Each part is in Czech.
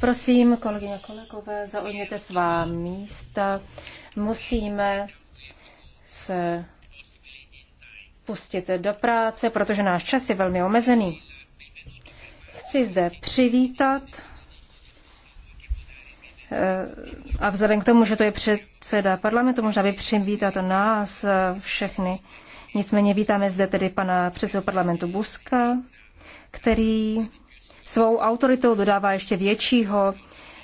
Prosím, kolegyně a kolegové, zaujměte svá místa. Musíme se pustit do práce, protože náš čas je velmi omezený. Chci zde přivítat eh, a vzhledem k tomu, že to je předseda parlamentu, možná by přivítat nás všechny. Nicméně vítáme zde tedy pana předsedu parlamentu Buska, který svou autoritou dodává ještě většího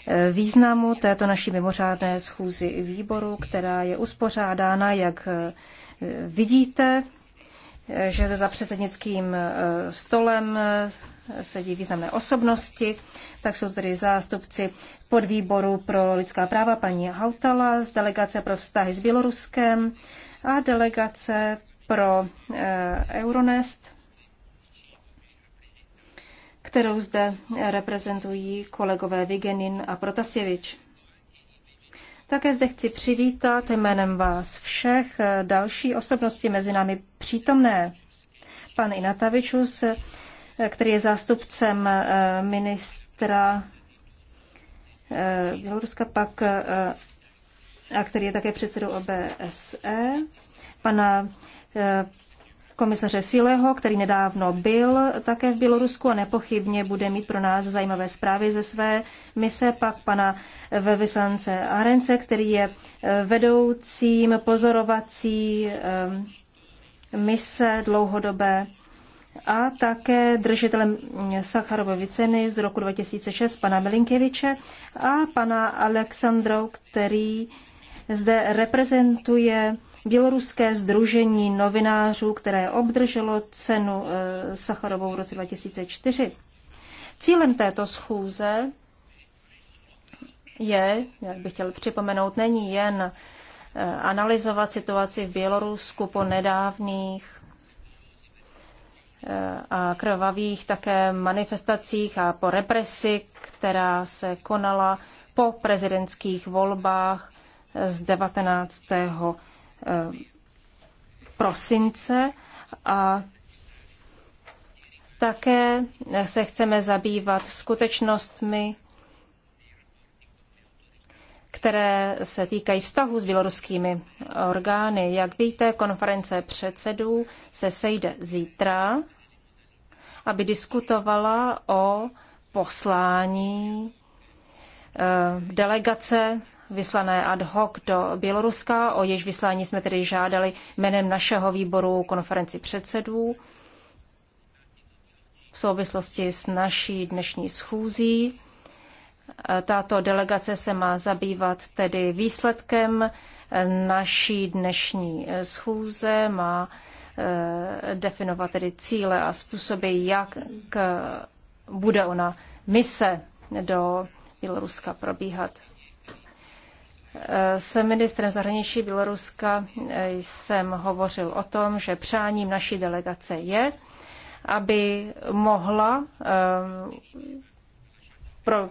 eh, významu této naší mimořádné schůzi výboru, která je uspořádána, jak eh, vidíte, eh, že za předsednickým stolem sedí významné osobnosti, tak jsou tedy zástupci podvýboru pro lidská práva paní Hautala z delegace pro vztahy s Běloruskem a delegace pro Euronest kterou zde reprezentují kolegové Vigenin a Protasěvič. Také zde chci přivítat jménem vás všech další osobnosti mezi námi přítomné. Pan Inatavičus, který je zástupcem eh, ministra eh, Běloruska, pak eh, a který je také předsedou OBSE, pana komisaře Fileho, který nedávno byl také v Bělorusku a nepochybně bude mít pro nás zajímavé zprávy ze své mise, pak pana Vevislance Arence, který je eh, vedoucím pozorovací eh, mise dlouhodobé a také držitelem eh, Sacharovovy ceny z roku 2006, pana Milinkeviče a pana Alexandrou, který zde reprezentuje Běloruské združení novinářů, které obdrželo cenu eh, Sacharovou v roce 2004. Cílem této schůze je, jak bych chtěl připomenout, není jen eh, analyzovat situaci v Bělorusku po nedávných eh, a krvavých také manifestacích a po represi, která se konala po prezidentských volbách z 19. Eh, prosince a také se chceme zabývat skutečnostmi, které se týkají vztahu s běloruskými orgány. Jak víte, konference předsedů se sejde zítra, aby diskutovala o poslání eh, delegace vyslané ad hoc do Běloruska, o jež vyslání jsme tedy žádali jménem našeho výboru konferenci předsedů v souvislosti s naší dnešní schůzí. Eh, tato delegace se má zabývat tedy výsledkem eh, naší dnešní eh, schůze, má definovat tedy cíle a způsoby, jak bude ona mise do Běloruska probíhat se ministrem zahraničí Běloruska jsem hovořil o tom, že přáním naší delegace je, aby mohla eh, pro,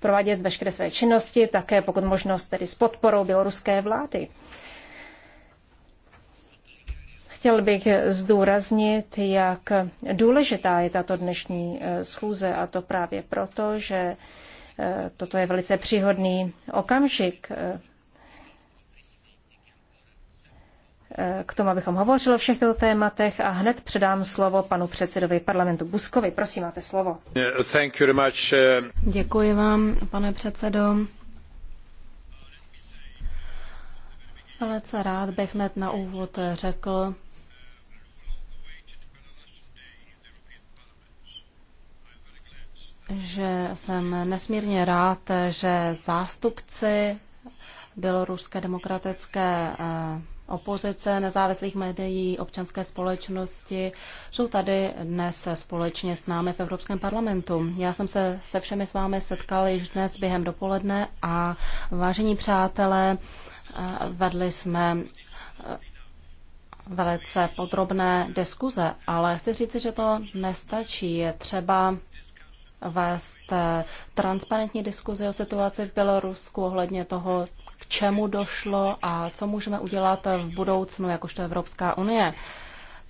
provádět veškeré své činnosti, také pokud možnost tedy s podporou běloruské vlády. Chtěl bych zdůraznit, jak důležitá je tato dnešní eh, schůze a to právě proto, že Eh, toto je velice příhodný okamžik eh, eh, k tomu, abychom hovořili o všech těchto tématech a hned předám slovo panu předsedovi parlamentu Buskovi. Prosím, máte slovo. Thank you very much. Děkuji vám, pane předsedo. Velice rád bych hned na úvod řekl, že jsem nesmírně rád, že zástupci Běloruské demokratické eh, opozice, nezávislých médií, občanské společnosti jsou tady dnes společně s námi v Evropském parlamentu. Já jsem se se všemi s vámi setkal již dnes během dopoledne a vážení přátelé, eh, vedli jsme eh, velice podrobné diskuze, ale chci říci, že to nestačí. Je třeba vést eh, transparentní diskuzi o situaci v Bělorusku ohledně toho, k čemu došlo a co můžeme udělat v budoucnu, jakožto Evropská unie.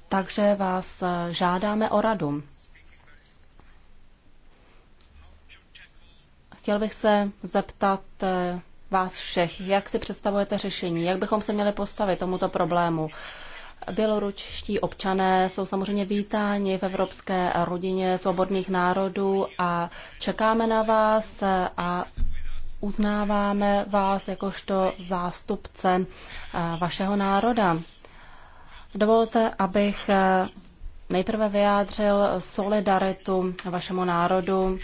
Takže vás eh, žádáme o radu. Chtěl bych se zeptat eh, vás všech, jak si představujete řešení, jak bychom se měli postavit tomuto problému. Běloručtí občané jsou samozřejmě vítáni v evropské rodině svobodných národů a čekáme na vás a uznáváme vás jakožto zástupce eh, vašeho národa. Dovolte, abych eh, nejprve vyjádřil solidaritu vašemu národu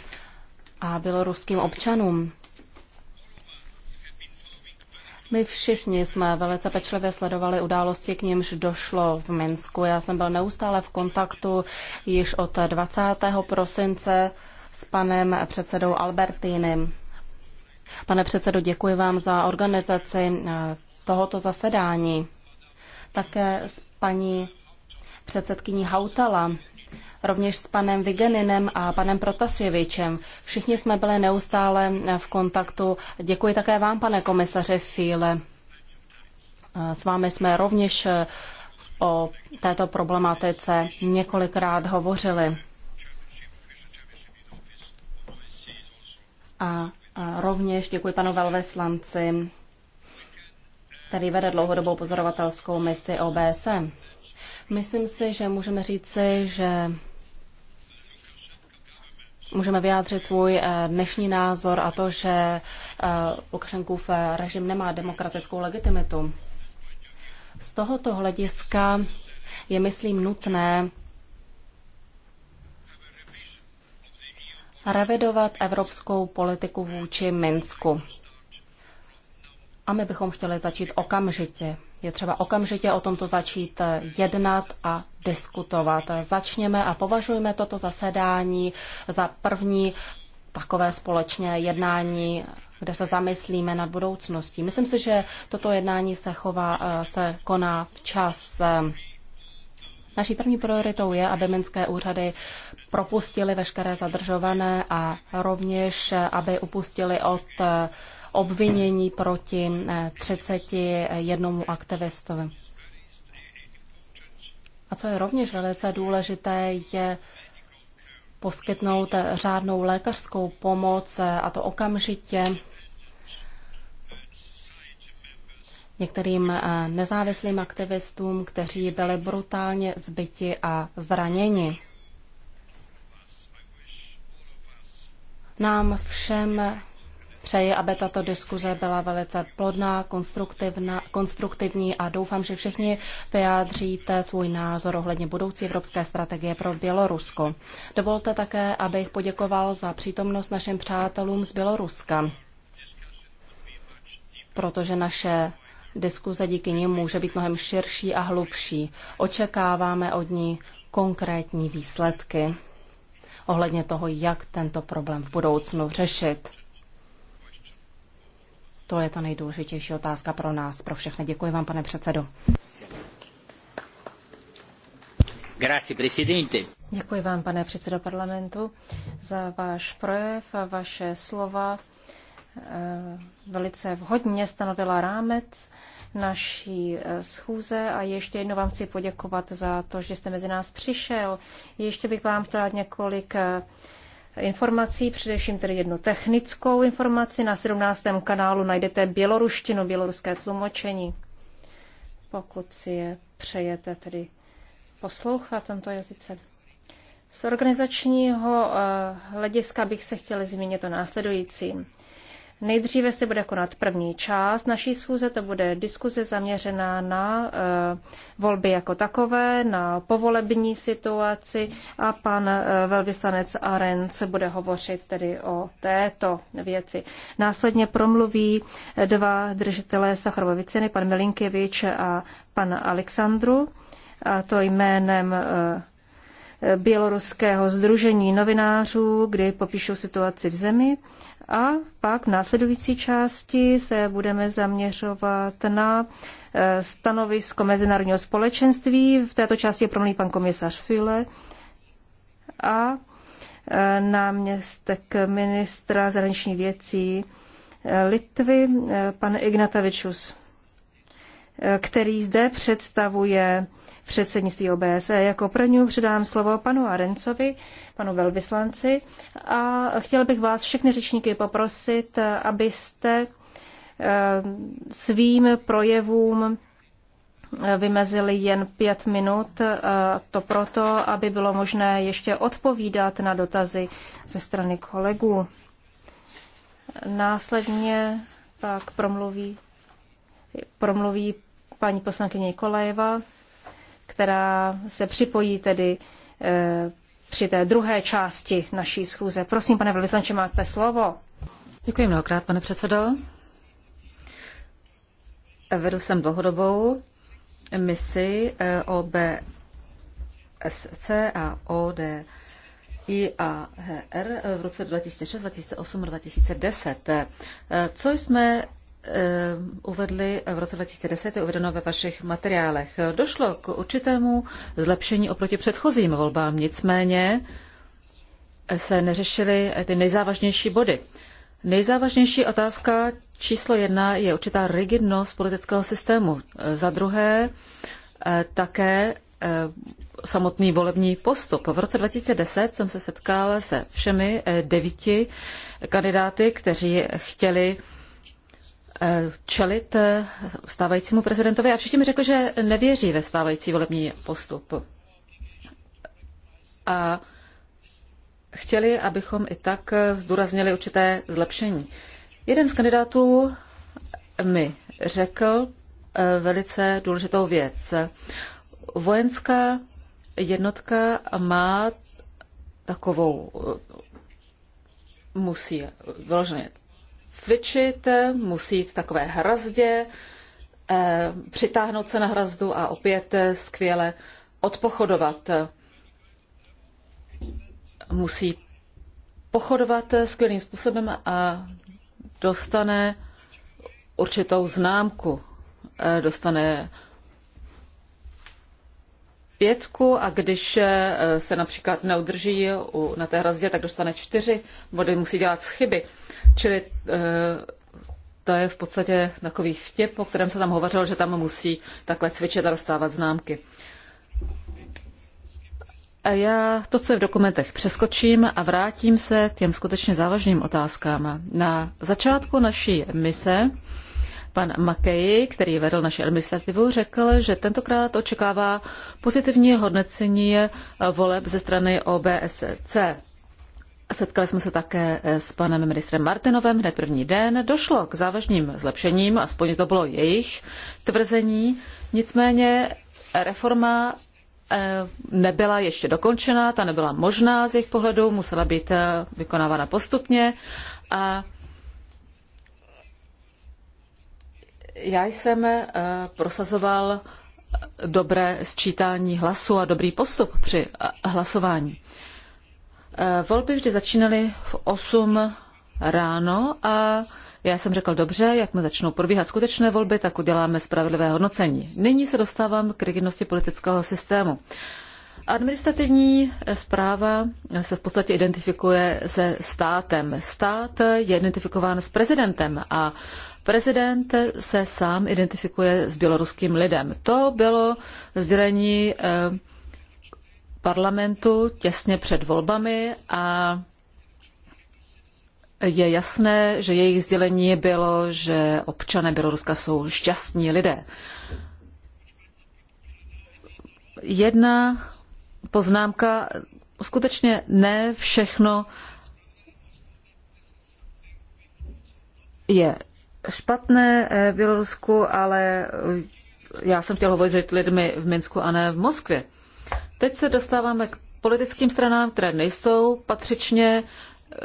a běloruským občanům. My všichni jsme velice pečlivě sledovali události, k nímž došlo v Minsku. Já jsem byl neustále v kontaktu již od 20. prosince s panem předsedou Albertínem. Pane předsedo, děkuji vám za organizaci eh, tohoto zasedání. Také s paní předsedkyní Hautala rovněž s panem Vigeninem a panem Protasjevičem. Všichni jsme byli neustále v kontaktu. Děkuji také vám, pane komisaře Fíle. S vámi jsme rovněž eh, o této problematice několikrát hovořili. A rovněž děkuji panu velveslanci, který vede dlouhodobou pozorovatelskou misi OBSM. Myslím si, že můžeme říci, že můžeme vyjádřit svůj eh, dnešní názor a to, že eh, Lukašenkův eh, režim nemá demokratickou legitimitu. Z tohoto hlediska je, myslím, nutné revidovat evropskou politiku vůči Minsku a my bychom chtěli začít okamžitě. Je třeba okamžitě o tomto začít jednat a diskutovat. Začněme a považujeme toto zasedání za první takové společné jednání, kde se zamyslíme nad budoucností. Myslím si, že toto jednání se, chová, se koná včas. Naší první prioritou je, aby minské úřady propustili veškeré zadržované a rovněž, aby upustili od obvinění proti 31 eh, aktivistovi. A co je rovněž velice důležité, je poskytnout eh, řádnou lékařskou pomoc, eh, a to okamžitě některým nezávislým aktivistům, kteří byli brutálně zbyti a zraněni. Nám všem Přeji, aby tato diskuze byla velice plodná, konstruktivní a doufám, že všichni vyjádříte svůj názor ohledně budoucí evropské strategie pro Bělorusko. Dovolte také, abych poděkoval za přítomnost našim přátelům z Běloruska, protože naše diskuze díky nim může být mnohem širší a hlubší. Očekáváme od ní konkrétní výsledky ohledně toho, jak tento problém v budoucnu řešit. To je ta nejdůležitější otázka pro nás, pro všechny. Děkuji vám, pane předsedo. Děkuji vám, pane předsedo parlamentu, za váš projev a vaše slova. Eh, velice vhodně stanovila rámec naší eh, schůze a ještě jednou vám chci poděkovat za to, že jste mezi nás přišel. Ještě bych vám chtěla několik eh, informací, především tedy jednu technickou informaci. Na 17. kanálu najdete běloruštinu, běloruské tlumočení, pokud si je přejete tedy poslouchat tento jazyce. Z organizačního eh, hlediska bych se chtěla zmínit o následujícím. Nejdříve se bude konat první část naší schůze, to bude diskuze zaměřená na eh, volby jako takové, na povolební situaci a pan eh, velvyslanec Arenc bude hovořit tedy o této věci. Následně promluví eh, dva držitelé Sacharovy ceny, pan Milinkevič a pan Alexandru, a to jménem Běloruského združení novinářů, kdy popíšou situaci v zemi a pak v následující části se budeme zaměřovat na eh, stanovisko mezinárodního společenství. V této části je promluví pan komisař File a eh, náměstek ministra zahraničních věcí eh, Litvy, pan Ignatavičus který zde představuje předsednictví OBSE. Jako první předám slovo panu Arencovi, panu velvyslanci a chtěl bych vás všechny řečníky poprosit, abyste eh, svým projevům eh, vymezili jen pět minut, eh, to proto, aby bylo možné ještě odpovídat na dotazy ze strany kolegů. Následně pak promluví, promluví paní poslankyně Kolajeva, která se připojí tedy e, při té druhé části naší schůze. Prosím, pane velvyslanče, máte slovo. Děkuji mnohokrát, pane předsedo. Vedl jsem dlouhodobou misi eh, OBSC a ODR IAHR v roce 2006, 2008 a 2010. Eh, co jsme Eh, uvedli v roce 2010, je uvedeno ve vašich materiálech. Došlo k určitému zlepšení oproti předchozím volbám, nicméně se neřešily ty nejzávažnější body. Nejzávažnější otázka číslo jedna je určitá rigidnost politického systému. Eh, za druhé eh, také samotný volební postup. V roce 2010 jsem se setkal se všemi devíti kandidáty, kteří chtěli Eh, čelit eh, stávajícímu prezidentovi a všichni mi řekli, že nevěří ve stávající volební postup. A chtěli, abychom i tak eh, zdůraznili určité zlepšení. Jeden z kandidátů mi řekl velice důležitou věc. Vojenská jednotka má takovou, musí vyloženě cvičit, musí jít v takové hrazdě, eh, přitáhnout se na hrazdu a opět skvěle odpochodovat. Musí pochodovat skvělým způsobem a dostane určitou známku. Eh, dostane pětku a když eh, se například neudrží na té hrazdě, tak dostane čtyři body, musí dělat chyby. Čili eh, to je v podstatě takový vtip, o kterém se tam hovořilo, že tam musí takhle cvičit a dostávat známky. A já to, co je v dokumentech, přeskočím a vrátím se k těm skutečně závažným otázkám. Na začátku naší mise pan Makeji, který vedl naši administrativu, řekl, že tentokrát očekává pozitivní hodnocení voleb ze strany OBSC. Setkali jsme se také eh, s panem ministrem Martinovem hned první den. Došlo k závažným zlepšením, aspoň to bylo jejich tvrzení. Nicméně reforma eh, nebyla ještě dokončena, ta nebyla možná z jejich pohledu, musela být eh, vykonávána postupně. A já jsem prosazoval dobré sčítání hlasu a dobrý postup při hlasování. Eh, volby vždy začínaly v 8 ráno a já jsem řekl, dobře, jak mi začnou probíhat skutečné volby, tak uděláme spravedlivé hodnocení. Nyní se dostávám k rigidnosti politického systému. Administrativní zpráva se v podstatě identifikuje se státem. Stát je identifikován s prezidentem a prezident se sám identifikuje s běloruským lidem. To bylo sdělení eh, parlamentu těsně před volbami a je jasné, že jejich sdělení bylo, že občané Běloruska jsou šťastní lidé. Jedna poznámka, skutečně ne všechno je špatné eh, v Bělorusku, ale eh, já jsem chtěl hovořit lidmi v Minsku a ne v Moskvě. Teď se dostáváme k politickým stranám, které nejsou patřičně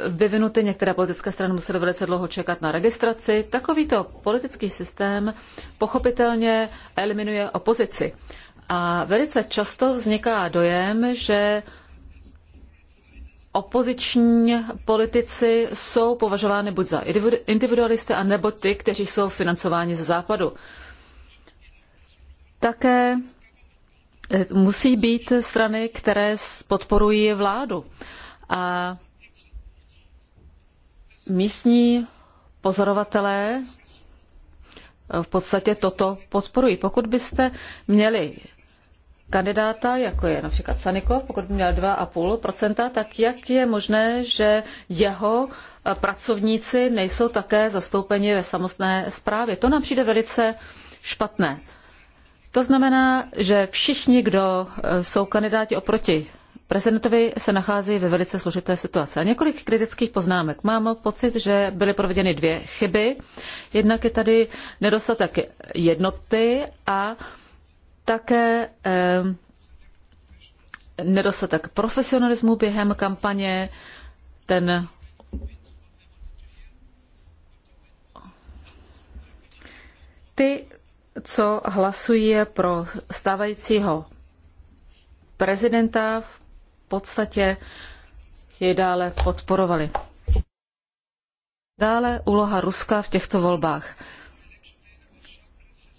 vyvinuty. Některé politické strany musely velice dlouho čekat na registraci. Takovýto politický systém pochopitelně eliminuje opozici. A velice často vzniká dojem, že opoziční politici jsou považováni buď za individualisty, nebo ty, kteří jsou financováni ze západu. Také Eh, musí být strany, které podporují vládu. A místní pozorovatelé eh, v podstatě toto podporují. Pokud byste měli kandidáta, jako je například Sanikov, pokud by měl 2,5%, tak jak je možné, že jeho eh, pracovníci nejsou také zastoupeni ve samostné správě? To nám přijde velice špatné. To znamená, že všichni, kdo e, jsou kandidáti oproti prezidentovi, se nacházejí ve velice složité situaci. A několik kritických poznámek. Mám pocit, že byly provedeny dvě chyby. Jednak je tady nedostatek jednoty a také eh, nedostatek profesionalismu během kampaně, ten ty co hlasují pro stávajícího prezidenta, v podstatě je dále podporovali. Dále úloha Ruska v těchto volbách.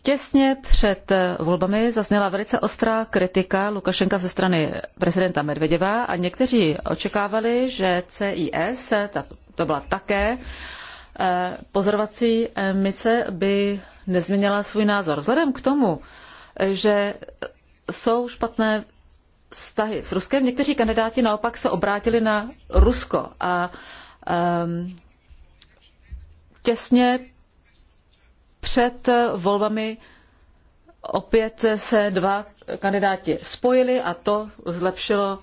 Těsně před volbami zazněla velice ostrá kritika Lukašenka ze strany prezidenta Medvedeva a někteří očekávali, že CIS, to byla také eh, pozorovací eh, mise, by nezměnila svůj názor. Vzhledem k tomu, že jsou špatné vztahy s Ruskem, někteří kandidáti naopak se obrátili na Rusko a um, těsně před volbami opět se dva kandidáti spojili a to zlepšilo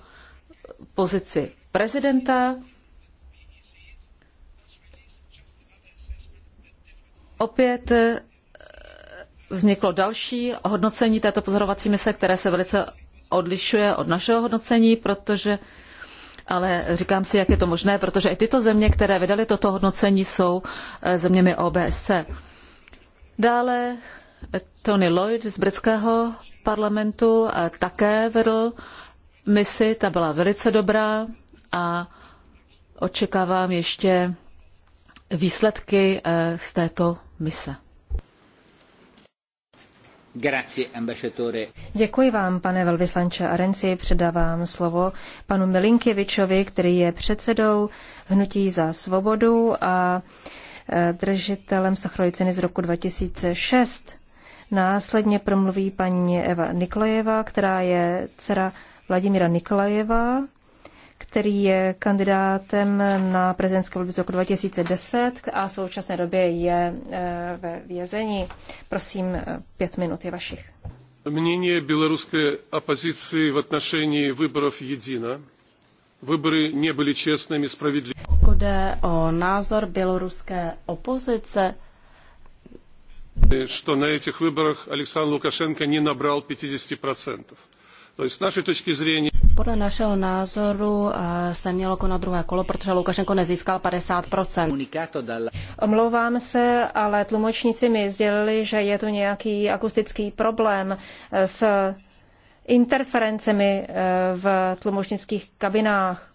pozici prezidenta. Opět vzniklo další hodnocení této pozorovací mise, které se velice odlišuje od našeho hodnocení, protože ale říkám si, jak je to možné, protože i tyto země, které vydaly toto hodnocení, jsou eh, zeměmi OBSC. Dále Tony Lloyd z britského parlamentu eh, také vedl misi, ta byla velice dobrá a očekávám ještě výsledky eh, z této mise. Děkuji vám, pane velvyslanče Arenci. Předávám slovo panu Milinkěvičovi, který je předsedou Hnutí za svobodu a e, držitelem Sachrojiciny z roku 2006. Následně promluví paní Eva Nikolajeva, která je dcera Vladimíra Nikolajeva, který je kandidátem na prezidentské volby z roku 2010 a v současné době je eh, ve vězení. Prosím, eh, pět minut je vašich. Mnění běloruské opozici v odnošení výborov jediné. Výbory nebyly čestnými, spravedlivými. Pokud je o názor běloruské opozice, že na těch výborech Aleksandr Lukašenko nenabral 50 to je z naší točky zření. Podle našeho názoru eh, se mělo konat druhé kolo, protože Lukašenko nezískal 50%. Omlouvám se, ale tlumočníci mi sdělili, že je tu nějaký akustický problém eh, s interferencemi eh, v tlumočnických kabinách.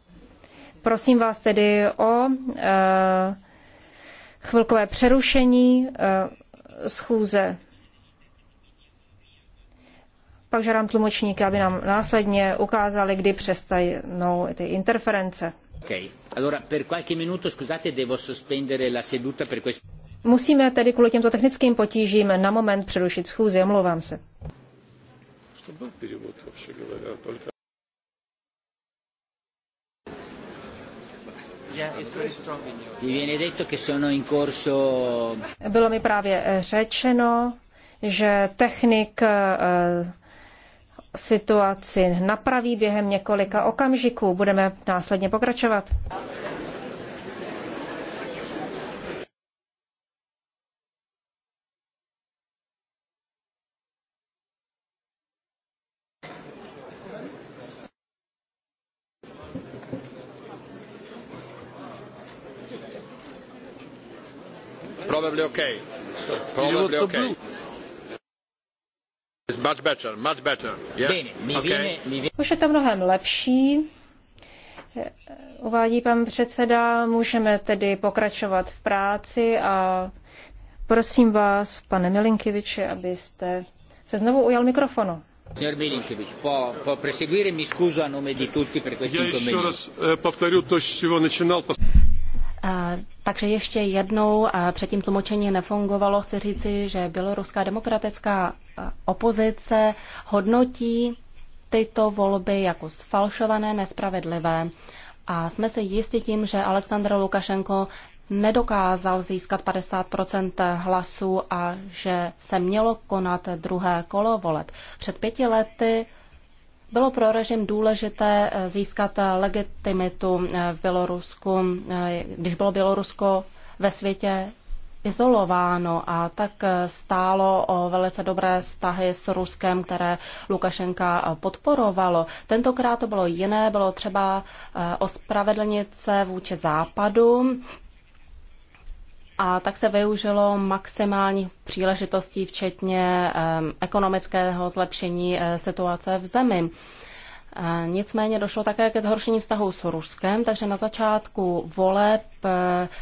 Prosím vás tedy o chvilkové přerušení schůze. Pak žádám tlumočníky, aby nám následně ukázali, kdy přestanou ty interference. Okay. Allora, per qualche minuto, scusate, devo sospendere la seduta per questo... Musíme tedy kvůli těmto technickým potížím na moment přerušit schůzi, omlouvám se. Bylo mi právě řečeno, že technik eh, situaci napraví během několika okamžiků. Budeme následně pokračovat. Probably okay. Probably okay much better, much better. Yeah? Bene, mi okay. viene, mi viene. Už je to mnohem lepší. Uvádí pan předseda, můžeme tedy pokračovat v práci a prosím vás, pane Milinkiviče, abyste se znovu ujal mikrofonu. Takže ještě jednou, a eh, předtím tlumočení nefungovalo, chci říci, že Běloruská demokratická opozice hodnotí tyto volby jako sfalšované, nespravedlivé. A jsme se jistí tím, že Aleksandr Lukašenko nedokázal získat 50 hlasů a že se mělo konat druhé kolo voleb. Před pěti lety bylo pro režim důležité eh, získat legitimitu eh, v Bělorusku, eh, když bylo Bělorusko ve světě izolováno a tak stálo o velice dobré vztahy s Ruskem, které Lukašenka podporovalo. Tentokrát to bylo jiné, bylo třeba eh, ospravedlnit se vůči západu, a tak se využilo maximální příležitostí, včetně eh, ekonomického zlepšení eh, situace v zemi. Nicméně došlo také ke zhoršení vztahu s Ruskem, takže na začátku voleb eh,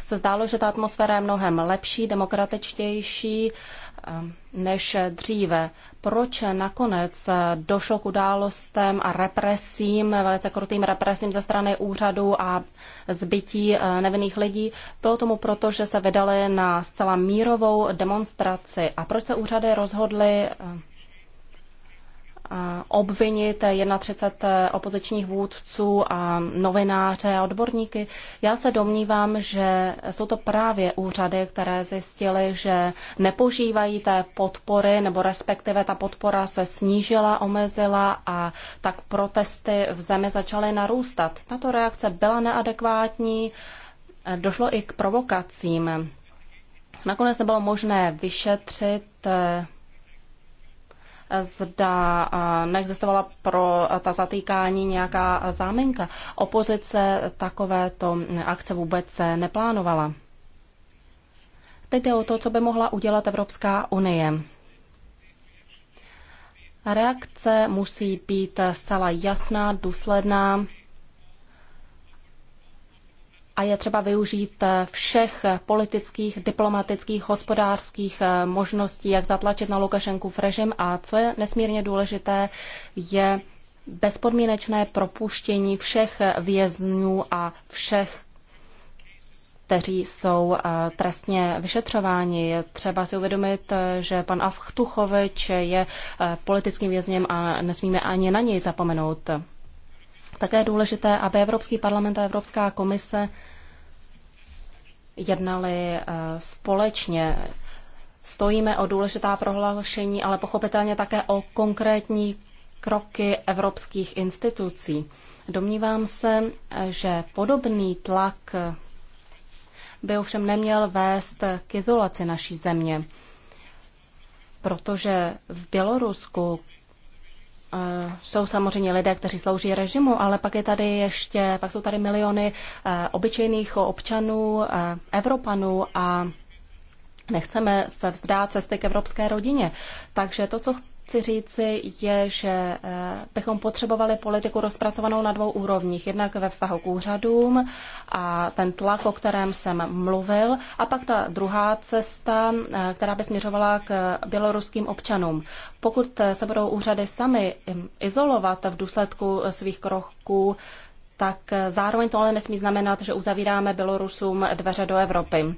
se zdálo, že ta atmosféra je mnohem lepší, demokratičtější eh, než dříve. Proč nakonec eh, došlo k událostem a represím, velice krutým represím ze strany úřadu a zbytí nevinných lidí? Bylo tomu proto, že se vydali na zcela mírovou demonstraci. A proč se úřady rozhodly obvinit 31 opozičních vůdců a novináře a odborníky. Já se domnívám, že jsou to právě úřady, které zjistily, že nepožívají té podpory, nebo respektive ta podpora se snížila, omezila a tak protesty v zemi začaly narůstat. Tato reakce byla neadekvátní, došlo i k provokacím. Nakonec nebylo možné vyšetřit zda neexistovala pro ta zatýkání nějaká záminka. Opozice takovéto akce vůbec neplánovala. Teď jde o to, co by mohla udělat Evropská unie. Reakce musí být zcela jasná, důsledná a je třeba využít eh, všech politických, diplomatických, hospodářských eh, možností, jak zatlačit na v režim a co je nesmírně důležité, je bezpodmínečné propuštění všech vězňů a všech kteří jsou eh, trestně vyšetřováni. Je třeba si uvědomit, že pan Avchtuchovič je politickým vězněm a nesmíme ani na něj zapomenout. Také je důležité, aby Evropský parlament a Evropská komise jednali eh, společně. Stojíme o důležitá prohlášení, ale pochopitelně také o konkrétní kroky evropských institucí. Domnívám se, že podobný tlak by ovšem neměl vést k izolaci naší země, protože v Bělorusku jsou samozřejmě lidé, kteří slouží režimu, ale pak je tady ještě, pak jsou tady miliony eh, obyčejných občanů, eh, Evropanů a Nechceme se vzdát cesty k evropské rodině. Takže to, co chci říci, je, že eh, bychom potřebovali politiku rozpracovanou na dvou úrovních. Jednak ve vztahu k úřadům a ten tlak, o kterém jsem mluvil, a pak ta druhá cesta, eh, která by směřovala k běloruským občanům. Pokud eh, se budou úřady sami hm, izolovat v důsledku svých kroků, tak zároveň to ale nesmí znamenat, že uzavíráme Bělorusům dveře do Evropy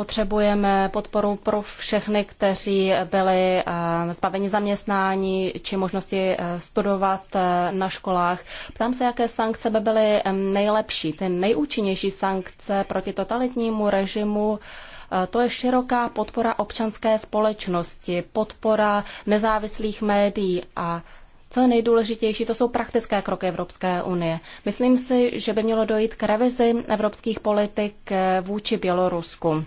potřebujeme podporu pro všechny, kteří byli eh, zbaveni zaměstnání či možnosti eh, studovat eh, na školách. Ptám se, jaké sankce by byly nejlepší. Ty nejúčinnější sankce proti totalitnímu režimu to je široká podpora občanské společnosti, podpora nezávislých médií a co je nejdůležitější, to jsou praktické kroky Evropské unie. Myslím si, že by mělo dojít k revizi evropských politik vůči Bělorusku.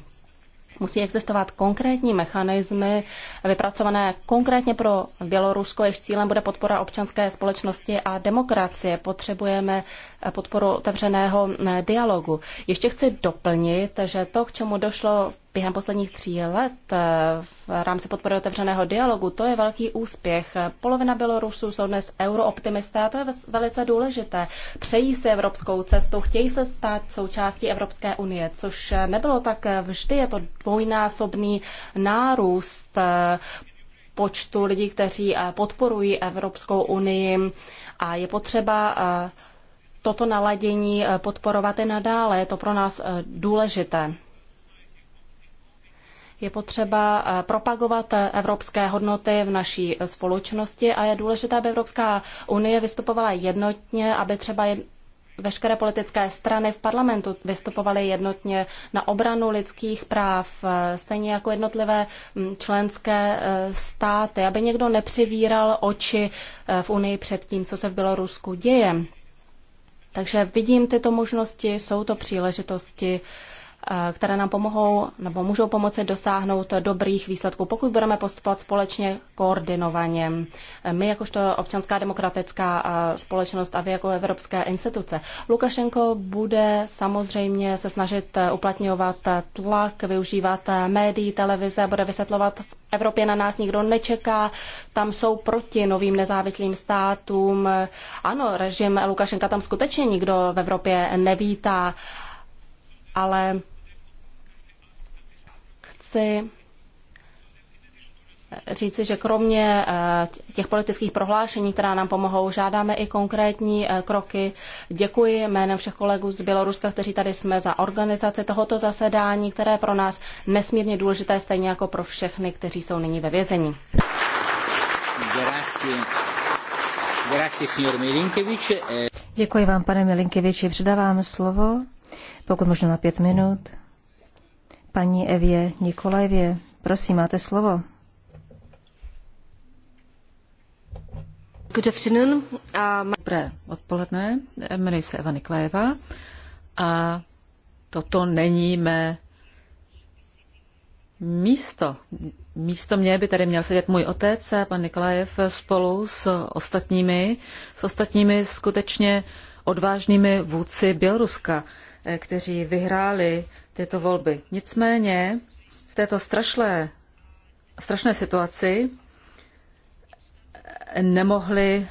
Musí existovat konkrétní mechanismy vypracované konkrétně pro Bělorusko, jež cílem bude podpora občanské společnosti a demokracie. Potřebujeme podporu otevřeného eh, dialogu. Ještě chci doplnit, že to, k čemu došlo během posledních tří let eh, v rámci podpory otevřeného dialogu, to je velký úspěch. Polovina Bělorusů jsou dnes eurooptimisté a to je velice důležité. Přejí si evropskou cestu, chtějí se stát součástí Evropské unie, což eh, nebylo tak vždy. Je to dvojnásobný nárůst počtu lidí, kteří podporují Evropskou unii a je potřeba toto naladění eh, podporovat i nadále. Je to pro nás eh, důležité. Je potřeba eh, propagovat evropské hodnoty v naší společnosti a je důležité, aby Evropská unie vystupovala jednotně, aby třeba veškeré politické strany v parlamentu vystupovaly jednotně na obranu lidských práv, stejně jako jednotlivé mm, členské státy, aby někdo nepřivíral oči v Unii před tím, co se v Bělorusku děje. Takže vidím tyto možnosti, jsou to příležitosti, Eh, které nám pomohou nebo můžou pomoci dosáhnout dobrých výsledků, pokud budeme postupovat společně koordinovaně. Eh, my jakožto občanská demokratická eh, společnost a vy jako evropské instituce. Lukašenko bude samozřejmě se snažit uplatňovat tlak, využívat médií, televize, bude vysvětlovat v Evropě na nás nikdo nečeká, tam jsou proti novým nezávislým státům. Ano, režim Lukašenka tam skutečně nikdo v Evropě nevítá, ale chci říci, že kromě eh, těch politických prohlášení, která nám pomohou, žádáme i konkrétní eh, kroky. Děkuji jménem všech kolegů z Běloruska, kteří tady jsme za organizaci tohoto zasedání, které je pro nás nesmírně důležité, stejně jako pro všechny, kteří jsou nyní ve vězení. Eh, Děkuji vám, pane Milinkeviči. Předávám slovo, pokud možno na pět minut paní Evě Nikolajevě. Prosím, máte slovo. Dobré odpoledne, jmenuji se Eva Nikolajeva a toto není mé místo. Místo mě by tady měl sedět můj otec a pan Nikolajev spolu s ostatními, s ostatními skutečně odvážnými vůdci Běloruska, eh, kteří vyhráli této volby. Nicméně v této strašlé, strašné situaci nemohli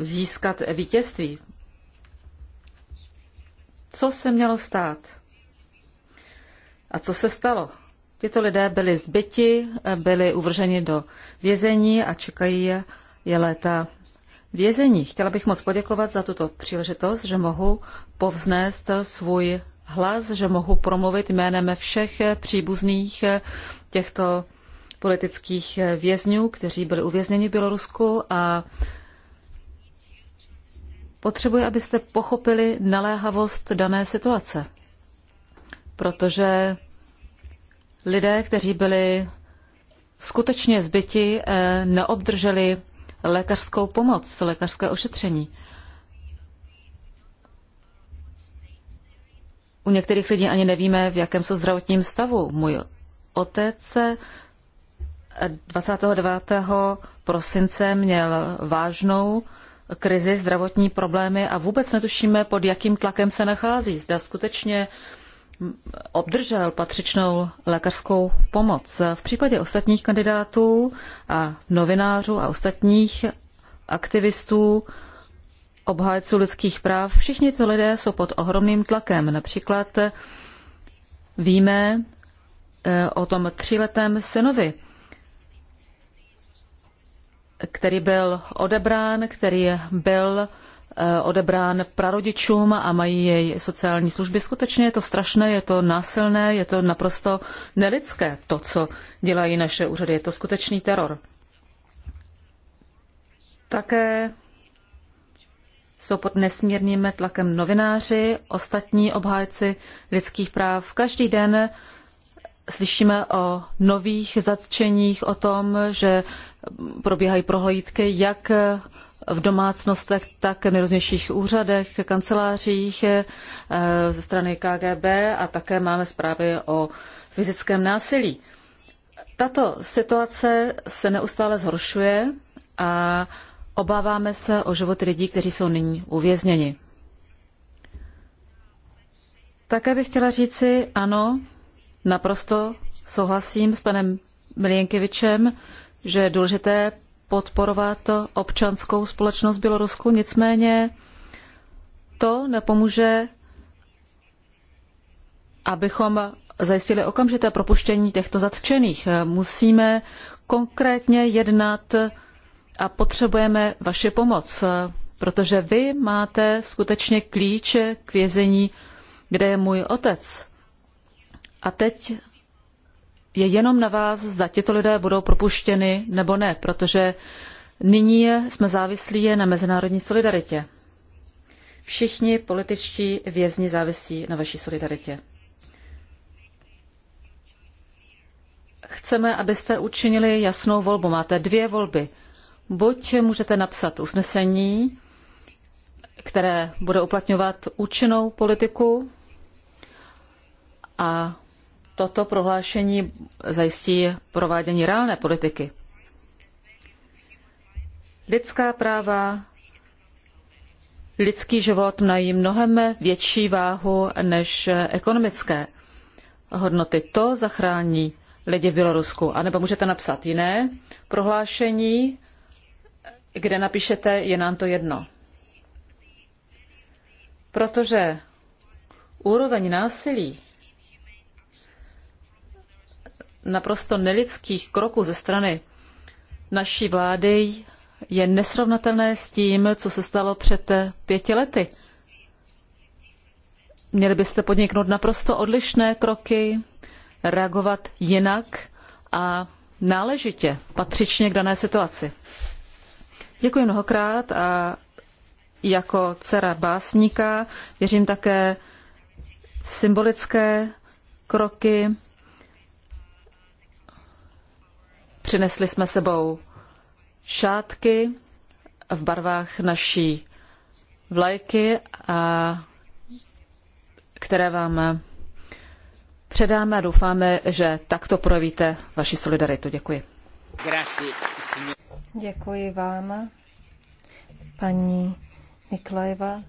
získat vítězství. Co se mělo stát? A co se stalo? Tito lidé byli zbyti, byli uvrženi do vězení a čekají je léta vězení. Chtěla bych moc poděkovat za tuto příležitost, že mohu povznést svůj hlas, že mohu promluvit jménem všech příbuzných těchto politických vězňů, kteří byli uvězněni v Bělorusku a potřebuji, abyste pochopili naléhavost dané situace. Protože lidé, kteří byli skutečně zbyti, eh, neobdrželi lékařskou pomoc, lékařské ošetření. u některých lidí ani nevíme, v jakém jsou zdravotním stavu. Můj otec 29. prosince měl vážnou krizi, zdravotní problémy a vůbec netušíme, pod jakým tlakem se nachází. Zda skutečně obdržel patřičnou lékařskou pomoc. V případě ostatních kandidátů a novinářů a ostatních aktivistů obhájců lidských práv. Všichni ty lidé jsou pod ohromným tlakem. Například víme eh, o tom tříletém synovi, který byl odebrán, který byl eh, odebrán prarodičům a mají jej sociální služby. Skutečně je to strašné, je to násilné, je to naprosto nelidské, to, co dělají naše úřady. Je to skutečný teror. Také jsou pod nesmírným tlakem novináři, ostatní obhájci lidských práv. Každý den slyšíme o nových zatčeních, o tom, že probíhají prohlídky, jak v domácnostech, tak v nejrůznějších úřadech, kancelářích eh, ze strany KGB a také máme zprávy o fyzickém násilí. Tato situace se neustále zhoršuje a Obáváme se o životy lidí, kteří jsou nyní uvězněni. Také bych chtěla říci, ano, naprosto souhlasím s panem Milienkevičem, že je důležité podporovat občanskou společnost Bělorusku, nicméně to nepomůže, abychom zajistili okamžité propuštění těchto zatčených. Musíme konkrétně jednat a potřebujeme vaši pomoc, protože vy máte skutečně klíče k vězení, kde je můj otec. A teď je jenom na vás, zda tito lidé budou propuštěni nebo ne, protože nyní jsme závislí na mezinárodní solidaritě. Všichni političtí vězni závisí na vaší solidaritě. Chceme, abyste učinili jasnou volbu. Máte dvě volby. Buď můžete napsat usnesení, které bude uplatňovat účinnou politiku a toto prohlášení zajistí provádění reálné politiky. Lidská práva, lidský život mají mnohem větší váhu než ekonomické hodnoty. To zachrání lidi v Bělorusku. A nebo můžete napsat jiné prohlášení, kde napíšete, je nám to jedno. Protože úroveň násilí naprosto nelidských kroků ze strany naší vlády je nesrovnatelné s tím, co se stalo před pěti lety. Měli byste podniknout naprosto odlišné kroky, reagovat jinak a náležitě, patřičně k dané situaci. Děkuji mnohokrát a jako dcera básníka věřím také v symbolické kroky. Přinesli jsme sebou šátky v barvách naší vlajky, a které vám předáme a doufáme, že takto projevíte vaši solidaritu. Děkuji. Grazie, Děkuji vám, paní Miklajeva.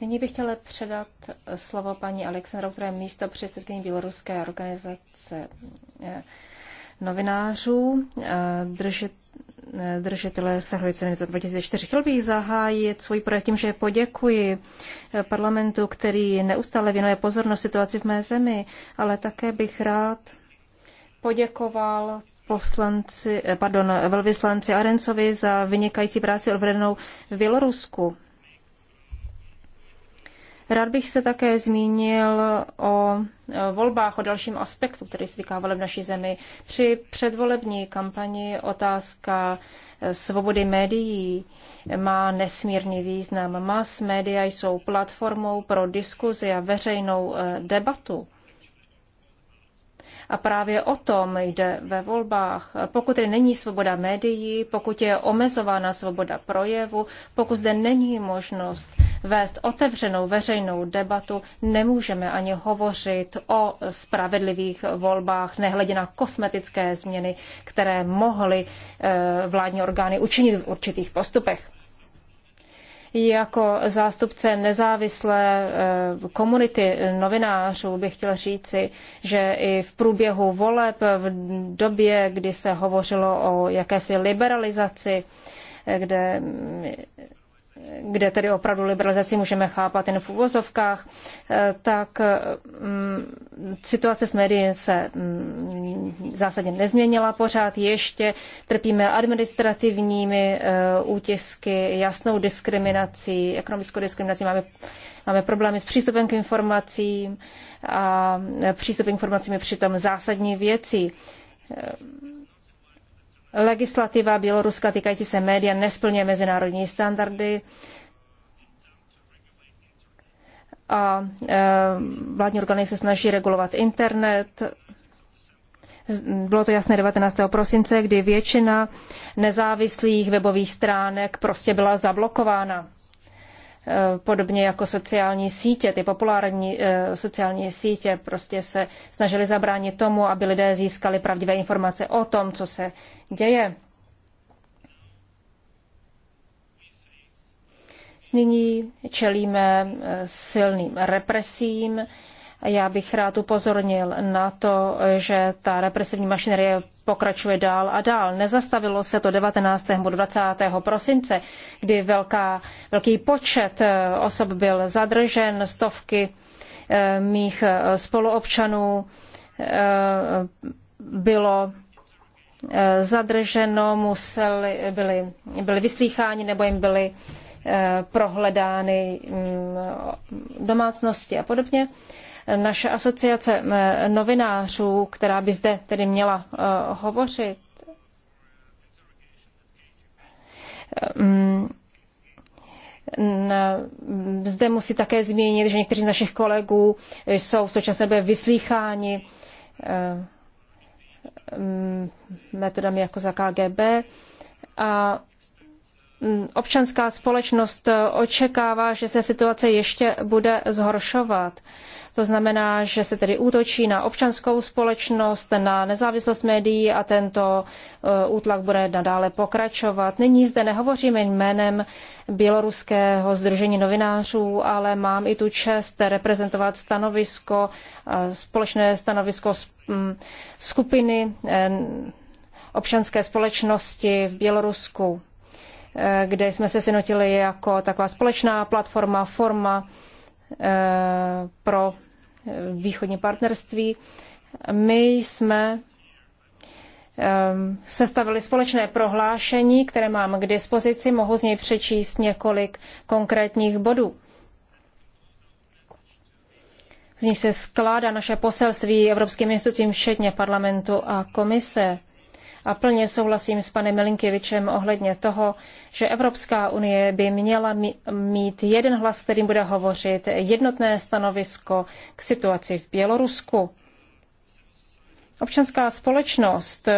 Nyní bych chtěla předat slovo paní Alexandra, která je místo předsedkyní Běloruské organizace eh, novinářů, eh, držet, eh, držitele Sacharovy ceny za 2004. Chtěl bych zahájit svůj projekt tím, že poděkuji parlamentu, který neustále věnuje pozornost situaci v mé zemi, ale také bych rád poděkoval poslanci, eh, pardon, velvyslanci Arencovi za vynikající práci odvedenou v Bělorusku. Rád bych se také zmínil o eh, volbách, o dalším aspektu, který se týká voleb naší zemi. Při předvolební kampani otázka eh, svobody médií má nesmírný význam. Mass média jsou platformou pro diskuzi a veřejnou debatu a právě o tom jde ve volbách. Pokud tedy není svoboda médií, pokud je omezována svoboda projevu, pokud zde není možnost vést otevřenou veřejnou debatu, nemůžeme ani hovořit o spravedlivých volbách, nehledě na kosmetické změny, které mohly eh, vládní orgány učinit v určitých postupech. Jako zástupce nezávislé eh, komunity novinářů bych chtěl říci, že i v průběhu voleb, v době, kdy se hovořilo o jakési liberalizaci, eh, kde kde tedy opravdu liberalizaci můžeme chápat jen v uvozovkách, tak mm, situace s médií se mm, zásadně nezměnila pořád. Ještě trpíme administrativními eh, útisky, jasnou diskriminací, ekonomickou diskriminací. Máme, máme problémy s přístupem k informacím a eh, přístup k informacím je přitom zásadní věcí Legislativa Běloruska týkající se média nesplňuje mezinárodní standardy a e, vládní orgány se snaží regulovat internet. Bylo to jasné 19. prosince, kdy většina nezávislých webových stránek prostě byla zablokována. Eh, podobně jako sociální sítě, ty populární eh, sociální sítě prostě se snažili zabránit tomu, aby lidé získali pravdivé informace o tom, co se děje. Nyní čelíme eh, silným represím, já bych rád upozornil na to, že ta represivní mašinerie pokračuje dál a dál. Nezastavilo se to 19. nebo 20. prosince, kdy velká, velký počet eh, osob byl zadržen, stovky eh, mých eh, spoluobčanů bylo zadrženo, museli, byli, byli vyslýcháni nebo jim byly prohledány mm, domácnosti a podobně. Naše asociace eh, novinářů, která by zde tedy měla eh, hovořit, mm, zde musí také zmínit, že někteří z našich kolegů jsou v současné době vyslýcháni eh, mm, metodami jako za KGB. A mm, občanská společnost očekává, že se situace ještě bude zhoršovat. To znamená, že se tedy útočí na občanskou společnost, na nezávislost médií a tento eh, útlak bude nadále pokračovat. Nyní zde nehovořím jen jménem Běloruského združení novinářů, ale mám i tu čest reprezentovat stanovisko, eh, společné stanovisko mm, skupiny eh, občanské společnosti v Bělorusku, kde jsme se synotili jako taková společná platforma, forma Eh, pro východní partnerství. My jsme eh, sestavili společné prohlášení, které mám k dispozici, mohu z něj přečíst několik konkrétních bodů. Z nich se skládá naše poselství evropským institucím, včetně parlamentu a komise. A plně souhlasím s panem Milinkěvičem ohledně toho, že Evropská unie by měla mít jeden hlas, kterým bude hovořit jednotné stanovisko k situaci v Bělorusku. Občanská společnost v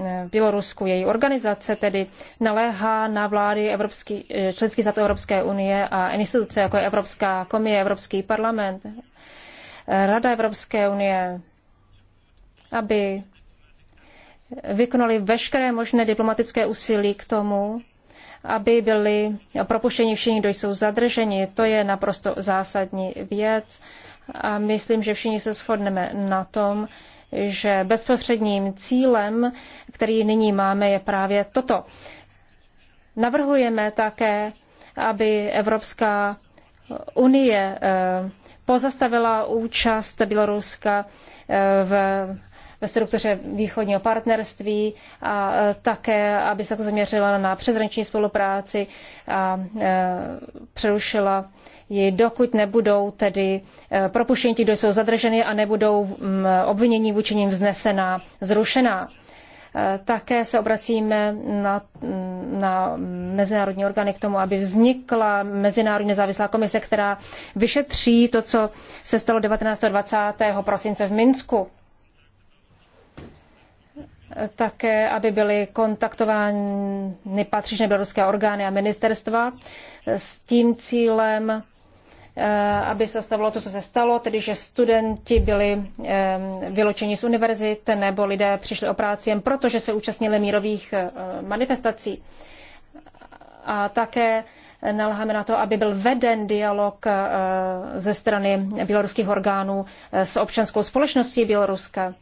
eh, Bělorusku, její organizace tedy naléhá na vlády Evropský, eh, členských států Evropské unie a instituce, jako je Evropská komise, Evropský parlament, eh, Rada Evropské unie, aby vykonali veškeré možné diplomatické úsilí k tomu, aby byli propuštěni všichni, kdo jsou zadrženi. To je naprosto zásadní věc a myslím, že všichni se shodneme na tom, že bezprostředním cílem, který nyní máme, je právě toto. Navrhujeme také, aby Evropská unie eh, pozastavila účast Běloruska eh, v ve struktuře východního partnerství a e, také, aby se zaměřila na přezranční spolupráci a e, přerušila ji, dokud nebudou tedy e, propuštěni ti, kdo jsou zadrženi a nebudou mm, obvinění vůči nim vznesená, zrušená. Také se obracíme na, mm, na mezinárodní orgány k tomu, aby vznikla mezinárodní nezávislá komise, která vyšetří to, co se stalo 19. a 20. prosince v Minsku také, aby byly kontaktovány patřičné běloruské orgány a ministerstva s tím cílem, eh, aby se stalo to, co se stalo, tedy že studenti byli eh, vyloučeni z univerzit nebo lidé přišli o práci jen proto, že se účastnili mírových eh, manifestací. A také nalháme na to, aby byl veden dialog ze strany běloruských orgánů s občanskou společností Běloruska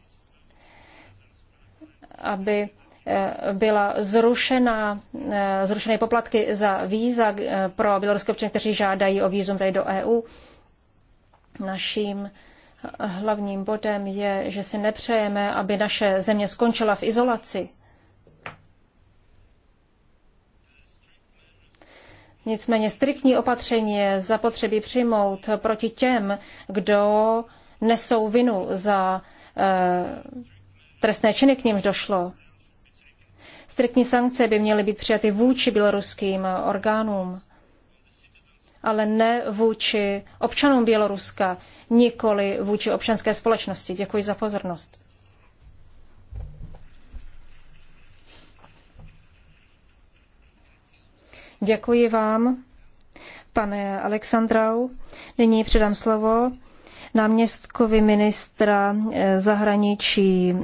aby eh, byla zrušena, eh, zrušeny poplatky za víza eh, pro běloruské občany, kteří žádají o vízum tady do EU. Naším hlavním bodem je, že si nepřejeme, aby naše země skončila v izolaci. Nicméně striktní opatření je zapotřebí přijmout proti těm, kdo nesou vinu za eh, trestné činy k nímž došlo. Striktní sankce by měly být přijaty vůči běloruským orgánům, ale ne vůči občanům Běloruska, nikoli vůči občanské společnosti. Děkuji za pozornost. Děkuji vám, pane Alexandrau. Nyní předám slovo náměstkovi ministra eh, zahraničí eh,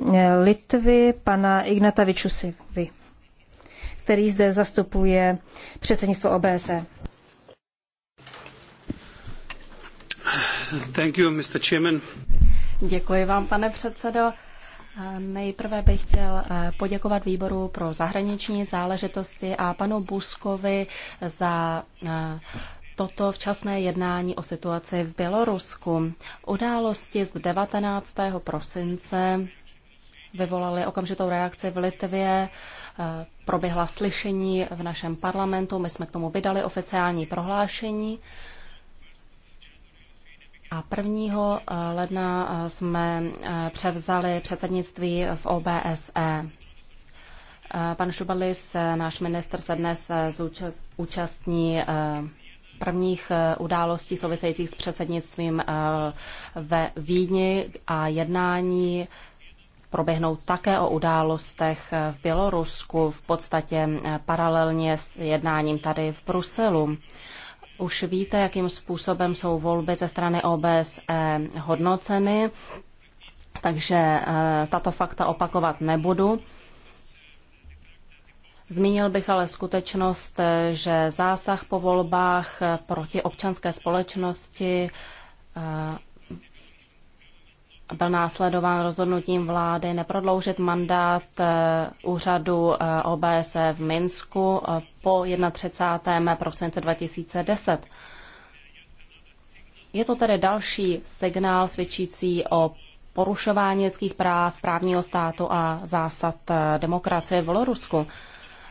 Litvy, pana Ignata který zde zastupuje předsednictvo OBSE. Thank you, Mr. Chairman. Děkuji vám, pane předsedo. Nejprve bych chtěl eh, poděkovat výboru pro zahraniční záležitosti a panu Buskovi za toto včasné jednání o situaci v Bělorusku. Události z 19. prosince vyvolaly okamžitou reakci v Litvě. E, proběhla slyšení v našem parlamentu, my jsme k tomu vydali oficiální prohlášení. A 1. E, ledna e, jsme převzali předsednictví v OBSE. Pan Šubalis, náš minister, se dnes zúčastní prvních eh, událostí souvisejících s předsednictvím eh, ve Vídni a jednání proběhnou také o událostech eh, v Bělorusku, v podstatě paralelně s jednáním tady v Bruselu. Už víte, jakým způsobem jsou volby ze strany OBSE hodnoceny, takže tato fakta opakovat nebudu. Zmínil bych ale skutečnost, že zásah po volbách proti občanské společnosti eh, byl následován rozhodnutím vlády neprodloužit mandát eh, úřadu eh, OBS e v Minsku po 31. prosince 2010. Je to tedy další signál svědčící o porušování lidských práv, právního státu a zásad demokracie v Bělorusku.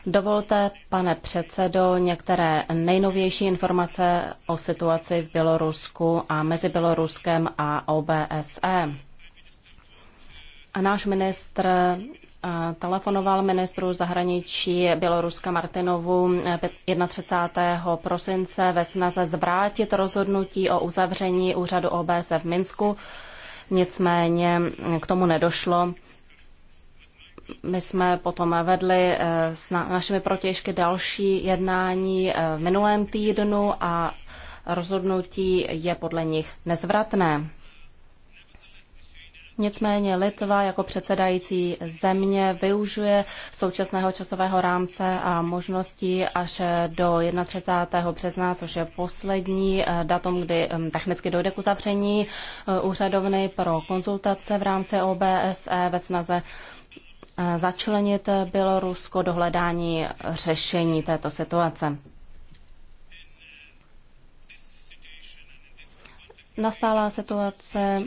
Dovolte, pane předsedo, některé nejnovější informace o situaci v Bělorusku a mezi Běloruskem a OBSE. A náš ministr telefonoval ministru zahraničí Běloruska Martinovu 31. Eh, prosince ve snaze zvrátit rozhodnutí o uzavření úřadu OBS e v Minsku. Nicméně k tomu nedošlo my jsme potom vedli eh, s našimi protěžky další jednání eh, v minulém týdnu a rozhodnutí je podle nich nezvratné. Nicméně Litva jako předsedající země využuje současného časového rámce a možností až eh, do 31. března, což je poslední datum, kdy technicky dojde k uzavření úřadovny pro konzultace v rámci OBSE ve snaze začlenit Bělorusko do hledání řešení této situace. Nastala situace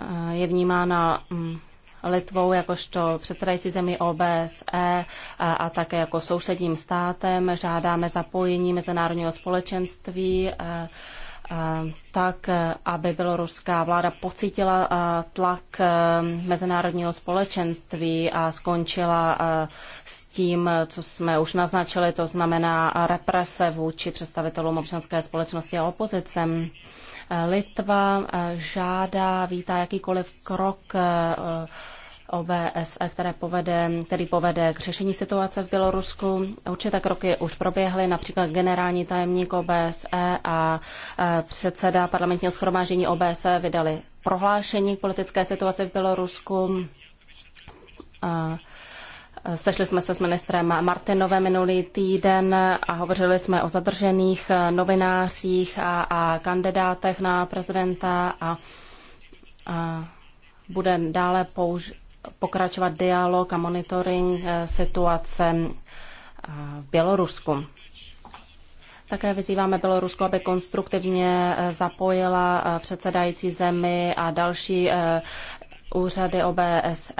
eh, je vnímána mm, Litvou jakožto předsedající zemi OBSE a, eh, a také jako sousedním státem. Žádáme zapojení mezinárodního společenství. A, eh, Eh, tak, eh, aby běloruská vláda pocítila eh, tlak mezinárodního společenství a skončila s tím, co jsme už naznačili, to znamená represe vůči představitelům občanské společnosti a opozicem. Litva žádá, vítá jakýkoliv krok OBSE, které povede, který povede k řešení situace v Bělorusku. Určité kroky už proběhly, například generální tajemník OBSE a e, předseda parlamentního schromáždění OBSE vydali prohlášení k politické situaci v Bělorusku. A e, Sešli jsme se s ministrem Martinovem minulý týden a hovořili jsme o zadržených e, novinářích a, a kandidátech na prezidenta a, a bude dále použ- pokračovat dialog a monitoring eh, situace eh, v Bělorusku. Také vyzýváme Bělorusko, aby konstruktivně eh, zapojila předsedající zemi a další úřady OBSE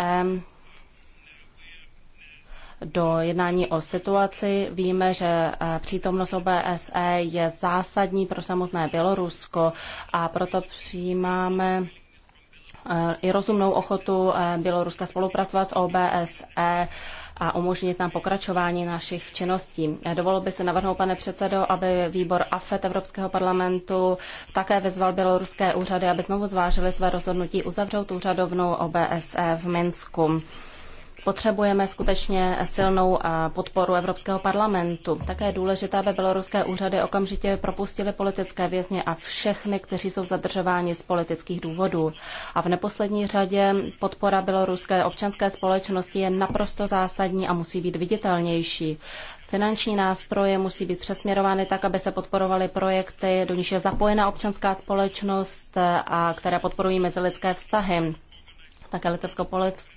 do jednání o situaci. Víme, že přítomnost OBSE je zásadní pro samotné Bělorusko a proto přijímáme Eh, i rozumnou ochotu eh, Běloruska spolupracovat s OBSE a umožnit nám pokračování našich činností. Eh, dovolil by se navrhnout, pane předsedo, aby výbor AFET Evropského parlamentu také vyzval běloruské úřady, aby znovu zvážili své rozhodnutí uzavřout úřadovnou OBSE v Minsku. Potřebujeme skutečně silnou podporu Evropského parlamentu. Také je důležité, aby běloruské úřady okamžitě propustili politické vězně a všechny, kteří jsou zadržováni z politických důvodů. A v neposlední řadě podpora běloruské občanské společnosti je naprosto zásadní a musí být viditelnější. Finanční nástroje musí být přesměrovány tak, aby se podporovaly projekty, do níž je zapojena občanská společnost a které podporují mezilidské vztahy také Litevsko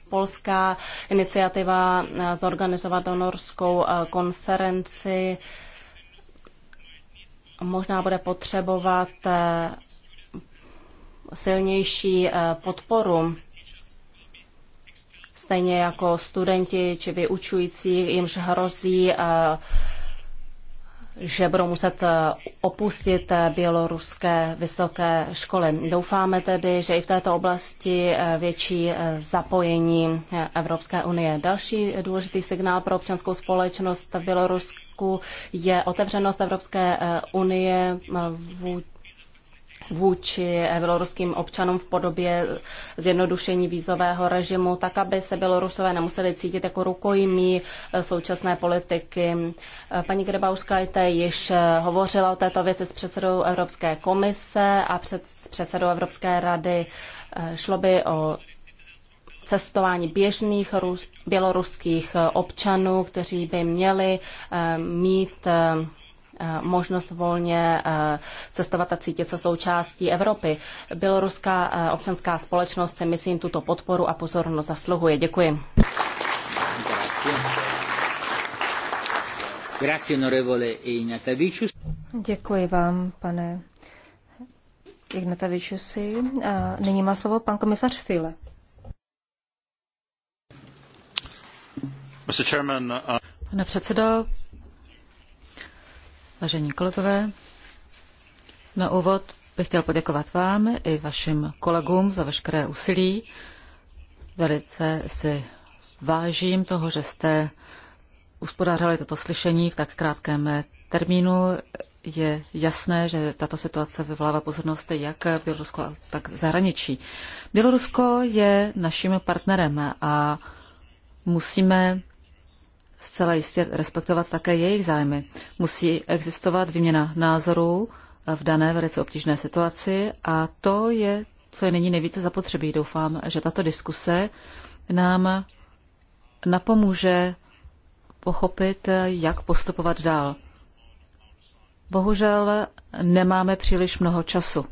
polská iniciativa eh, zorganizovat donorskou eh, konferenci možná bude potřebovat eh, silnější podporu stejně jako studenti či vyučující, jimž hrozí že budou muset eh, opustit eh, běloruské vysoké školy. Doufáme tedy, že i v této oblasti eh, větší zapojení Evropské unie. Další důležitý signál pro občanskou společnost v Bělorusku je otevřenost Evropské unie vůči vůči běloruským občanům v podobě zjednodušení vízového režimu, tak aby se Bělorusové nemuseli cítit jako rukojmí současné politiky. Paní Grebauskajte již hovořila o této věci s předsedou Evropské komise a před, s předsedou Evropské rady. Šlo by o cestování běžných běloruských občanů, kteří by měli eh, mít eh, Eh, možnost volně eh, cestovat a cítit se součástí Evropy. Běloruská eh, občanská společnost se myslím tuto podporu a pozornost zasluhuje. Děkuji. Děkuji vám, pane Ignatavičusi. Nyní má slovo pan komisař File. Uh, pane předsedo, Vážení kolegové, na úvod bych chtěl poděkovat vám i vašim kolegům za veškeré úsilí. Velice si vážím toho, že jste uspořádali toto slyšení v tak krátkém termínu. Je jasné, že tato situace vyvolává pozornost jak Bělorusko, tak v zahraničí. Bělorusko je naším partnerem a musíme zcela jistě respektovat také jejich zájmy. Musí existovat výměna názorů v dané velice obtížné situaci a to je, co je nyní nejvíce zapotřebí. Doufám, že tato diskuse nám napomůže pochopit, jak postupovat dál. Bohužel nemáme příliš mnoho času.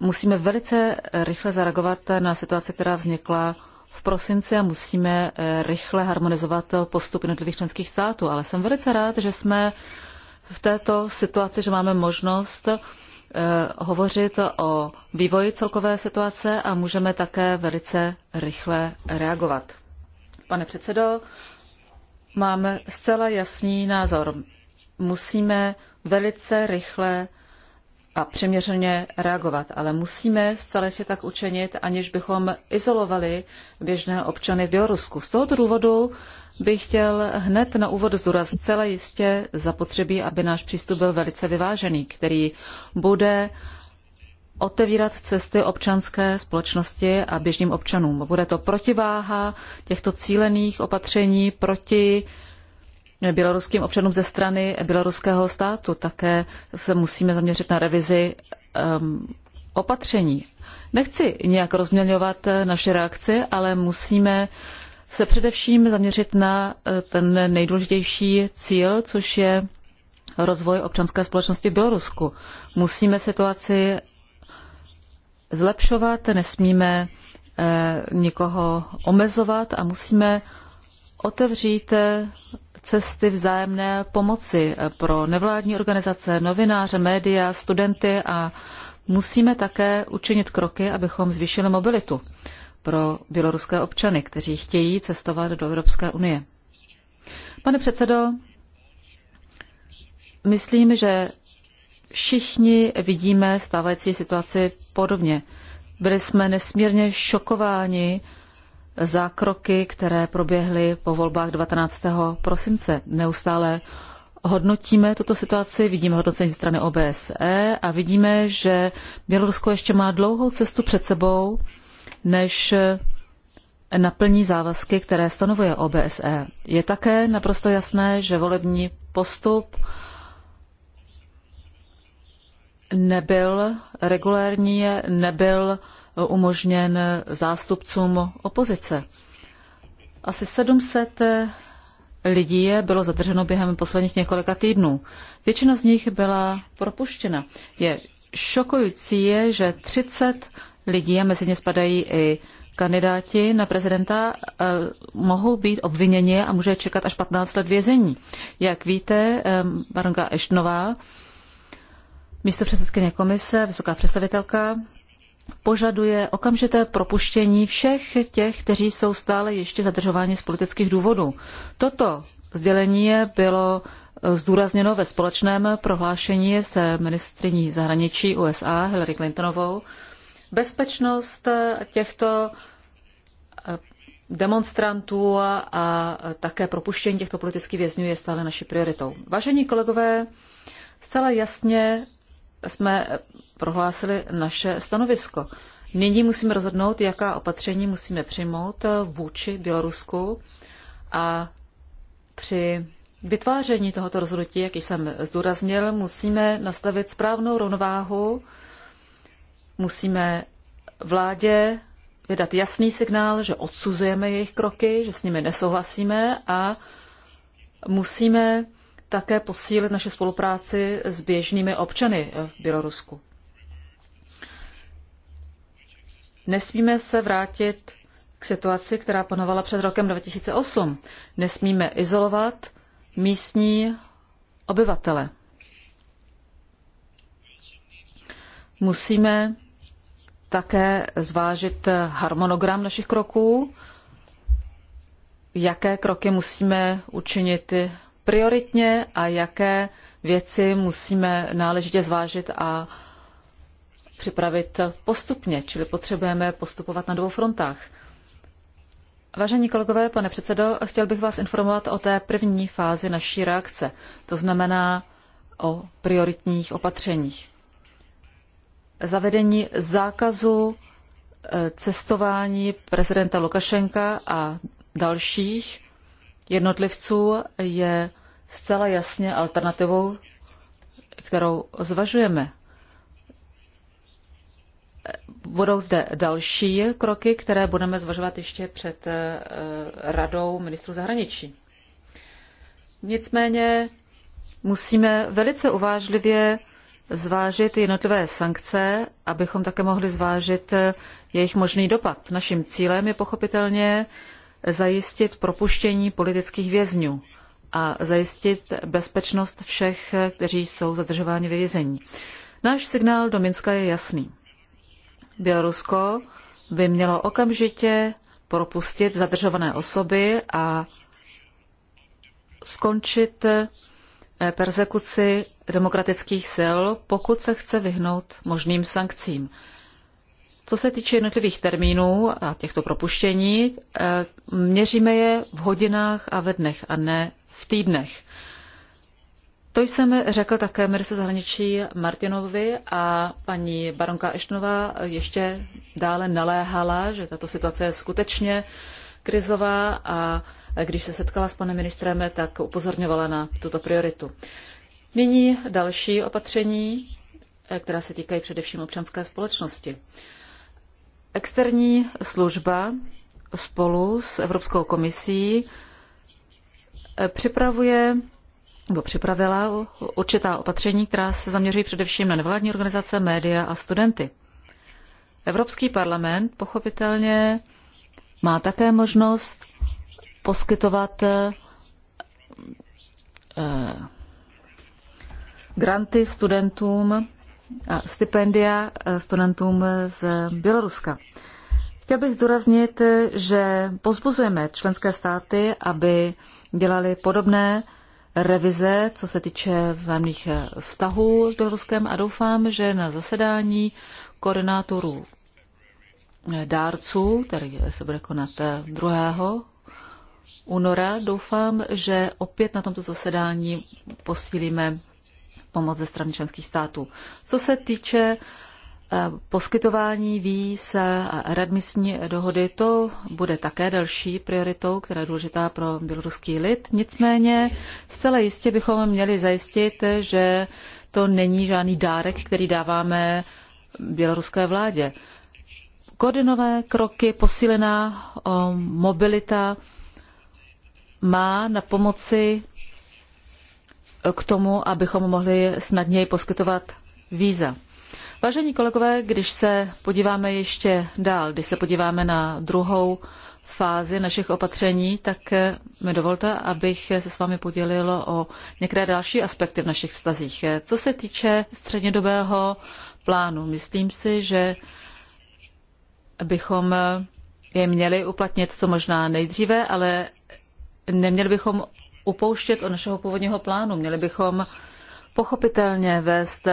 Musíme velice rychle zareagovat na situaci, která vznikla v prosinci a musíme eh, rychle harmonizovat postup jednotlivých členských států. Ale jsem velice rád, že jsme v této situaci, že máme možnost eh, hovořit o vývoji celkové situace a můžeme také velice rychle reagovat. Pane předsedo, máme zcela jasný názor. Musíme velice rychle a přiměřeně reagovat. Ale musíme zcela jistě tak učinit, aniž bychom izolovali běžné občany v Bělorusku. Z tohoto důvodu bych chtěl hned na úvod zdůraznit zcela jistě zapotřebí, aby náš přístup byl velice vyvážený, který bude otevírat cesty občanské společnosti a běžným občanům. Bude to protiváha těchto cílených opatření proti běloruským občanům ze strany běloruského státu. Také se musíme zaměřit na revizi um, opatření. Nechci nějak rozmělňovat eh, naše reakce, ale musíme se především zaměřit na eh, ten nejdůležitější cíl, což je rozvoj občanské společnosti v Bělorusku. Musíme situaci zlepšovat, nesmíme eh, nikoho omezovat a musíme otevřít cesty vzájemné pomoci pro nevládní organizace, novináře, média, studenty a musíme také učinit kroky, abychom zvýšili mobilitu pro běloruské občany, kteří chtějí cestovat do Evropské unie. Pane předsedo, myslím, že všichni vidíme stávající situaci podobně. Byli jsme nesmírně šokováni za kroky, které proběhly po volbách 19. prosince. Neustále hodnotíme tuto situaci, vidíme hodnocení strany OBSE a vidíme, že Bělorusko ještě má dlouhou cestu před sebou, než naplní závazky, které stanovuje OBSE. Je také naprosto jasné, že volební postup nebyl regulérní, nebyl umožněn zástupcům opozice. Asi 700 lidí je bylo zadrženo během posledních několika týdnů. Většina z nich byla propuštěna. Je šokující je, že 30 lidí, a mezi ně spadají i kandidáti na prezidenta, e, mohou být obviněni a může čekat až 15 let vězení. Jak víte, e, baronka Eštnová, místo předsedkyně komise, vysoká představitelka, požaduje okamžité propuštění všech těch, kteří jsou stále ještě zadržováni z politických důvodů. Toto sdělení bylo eh, zdůrazněno ve společném prohlášení se ministriní zahraničí USA Hillary Clintonovou. Bezpečnost eh, těchto eh, demonstrantů a také propuštění těchto politických vězňů je stále naší prioritou. Vážení kolegové, zcela jasně jsme prohlásili naše stanovisko. Nyní musíme rozhodnout, jaká opatření musíme přijmout eh, vůči Bělorusku a při vytváření tohoto rozhodnutí, jak jsem zdůraznil, musíme nastavit správnou rovnováhu, musíme vládě vydat jasný signál, že odsuzujeme jejich kroky, že s nimi nesouhlasíme a musíme také posílit naše spolupráci s běžnými občany v Bělorusku. Nesmíme se vrátit k situaci, která panovala před rokem 2008. Nesmíme izolovat místní obyvatele. Musíme také zvážit harmonogram našich kroků, jaké kroky musíme učinit prioritně a jaké věci musíme náležitě zvážit a připravit postupně, čili potřebujeme postupovat na dvou frontách. Vážení kolegové, pane předsedo, chtěl bych vás informovat o té první fázi naší reakce, to znamená o prioritních opatřeních. Zavedení zákazu e, cestování prezidenta Lukašenka a dalších jednotlivců je zcela jasně alternativou, kterou zvažujeme. Budou zde další kroky, které budeme zvažovat ještě před eh, radou ministrů zahraničí. Nicméně musíme velice uvážlivě zvážit jednotlivé sankce, abychom také mohli zvážit eh, jejich možný dopad. Naším cílem je pochopitelně zajistit propuštění politických vězňů a zajistit bezpečnost všech, kteří jsou zadržováni ve vězení. Náš signál do Minska je jasný. Bělorusko by mělo okamžitě propustit zadržované osoby a skončit eh, persekuci demokratických sil, pokud se chce vyhnout možným sankcím. Co se týče jednotlivých termínů a těchto propuštění, eh, měříme je v hodinách a ve dnech a ne v týdnech. To jsem řekl také Mirce zahraničí Martinovi a paní baronka Eštnová ještě dále naléhala, že tato situace je skutečně krizová a když se setkala s panem ministrem, tak upozorňovala na tuto prioritu. Nyní další opatření, eh, která se týkají především občanské společnosti. Externí služba spolu s Evropskou komisí eh, připravuje nebo připravila určitá opatření, která se zaměřují především na nevládní organizace, média a studenty. Evropský parlament pochopitelně má také možnost poskytovat eh, eh, granty studentům a stipendia eh, studentům z Běloruska. Chtěl bych zdůraznit, že pozbuzujeme členské státy, aby dělali podobné revize, co se týče vzájemných eh, vztahů s Běloruskem a doufám, že na zasedání koordinátorů eh, dárců, který se bude konat 2. února, doufám, že opět na tomto zasedání posílíme pomoc ze strany členských států. Co se týče eh, poskytování víz a readmisní dohody, to bude také další prioritou, která je důležitá pro běloruský lid. Nicméně zcela jistě bychom měli zajistit, že to není žádný dárek, který dáváme běloruské vládě. Koordinové kroky, posílená eh, mobilita má na pomoci k tomu, abychom mohli snadněji poskytovat víza. Vážení kolegové, když se podíváme ještě dál, když se podíváme na druhou fázi našich opatření, tak mi dovolte, abych se s vámi podělil o některé další aspekty v našich vztazích. Co se týče střednědobého plánu, myslím si, že bychom je měli uplatnit co možná nejdříve, ale neměli bychom upouštět od našeho původního plánu. Měli bychom pochopitelně vést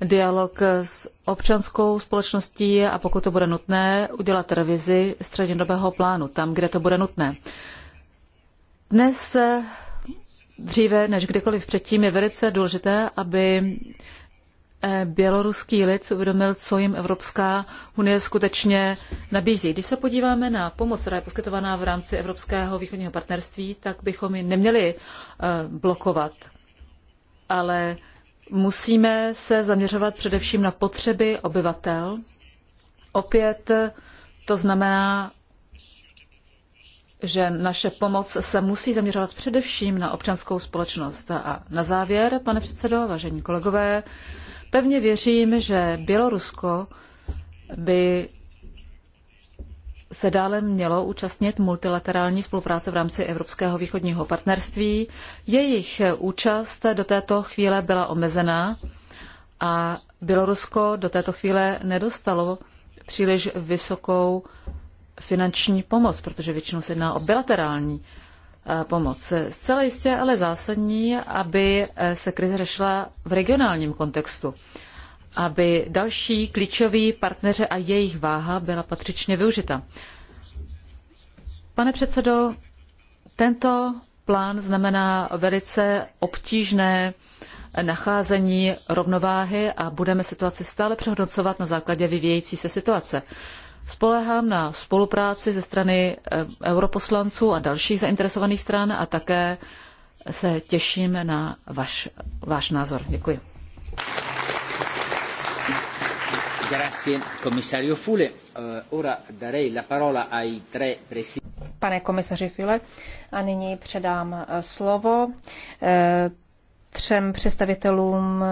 dialog s občanskou společností a pokud to bude nutné, udělat revizi střednědobého plánu tam, kde to bude nutné. Dnes dříve než kdykoliv předtím je velice důležité, aby Eh, běloruský lid uvědomil, co jim Evropská unie skutečně nabízí. Když se podíváme na pomoc, která je poskytovaná v rámci Evropského východního partnerství, tak bychom ji neměli eh, blokovat, ale musíme se zaměřovat především na potřeby obyvatel. Opět to znamená, že naše pomoc se musí zaměřovat především na občanskou společnost. A na závěr, pane předsedo, vážení kolegové, Pevně věřím, že Bělorusko by se dále mělo účastnit multilaterální spolupráce v rámci Evropského východního partnerství. Jejich účast do této chvíle byla omezená a Bělorusko do této chvíle nedostalo příliš vysokou finanční pomoc, protože většinou se jedná o bilaterální Eh, pomoc. Zcela jistě ale zásadní, aby eh, se krize řešila v regionálním kontextu, aby další klíčoví partneři a jejich váha byla patřičně využita. Pane předsedo, tento plán znamená velice obtížné nacházení rovnováhy a budeme situaci stále přehodnocovat na základě vyvíjející se situace. Spolehám na spolupráci ze strany eh, europoslanců a dalších zainteresovaných stran a také se těším na vaš, váš názor. Děkuji. Eh, Pane komisaři Fule, a nyní předám eh, slovo třem představitelům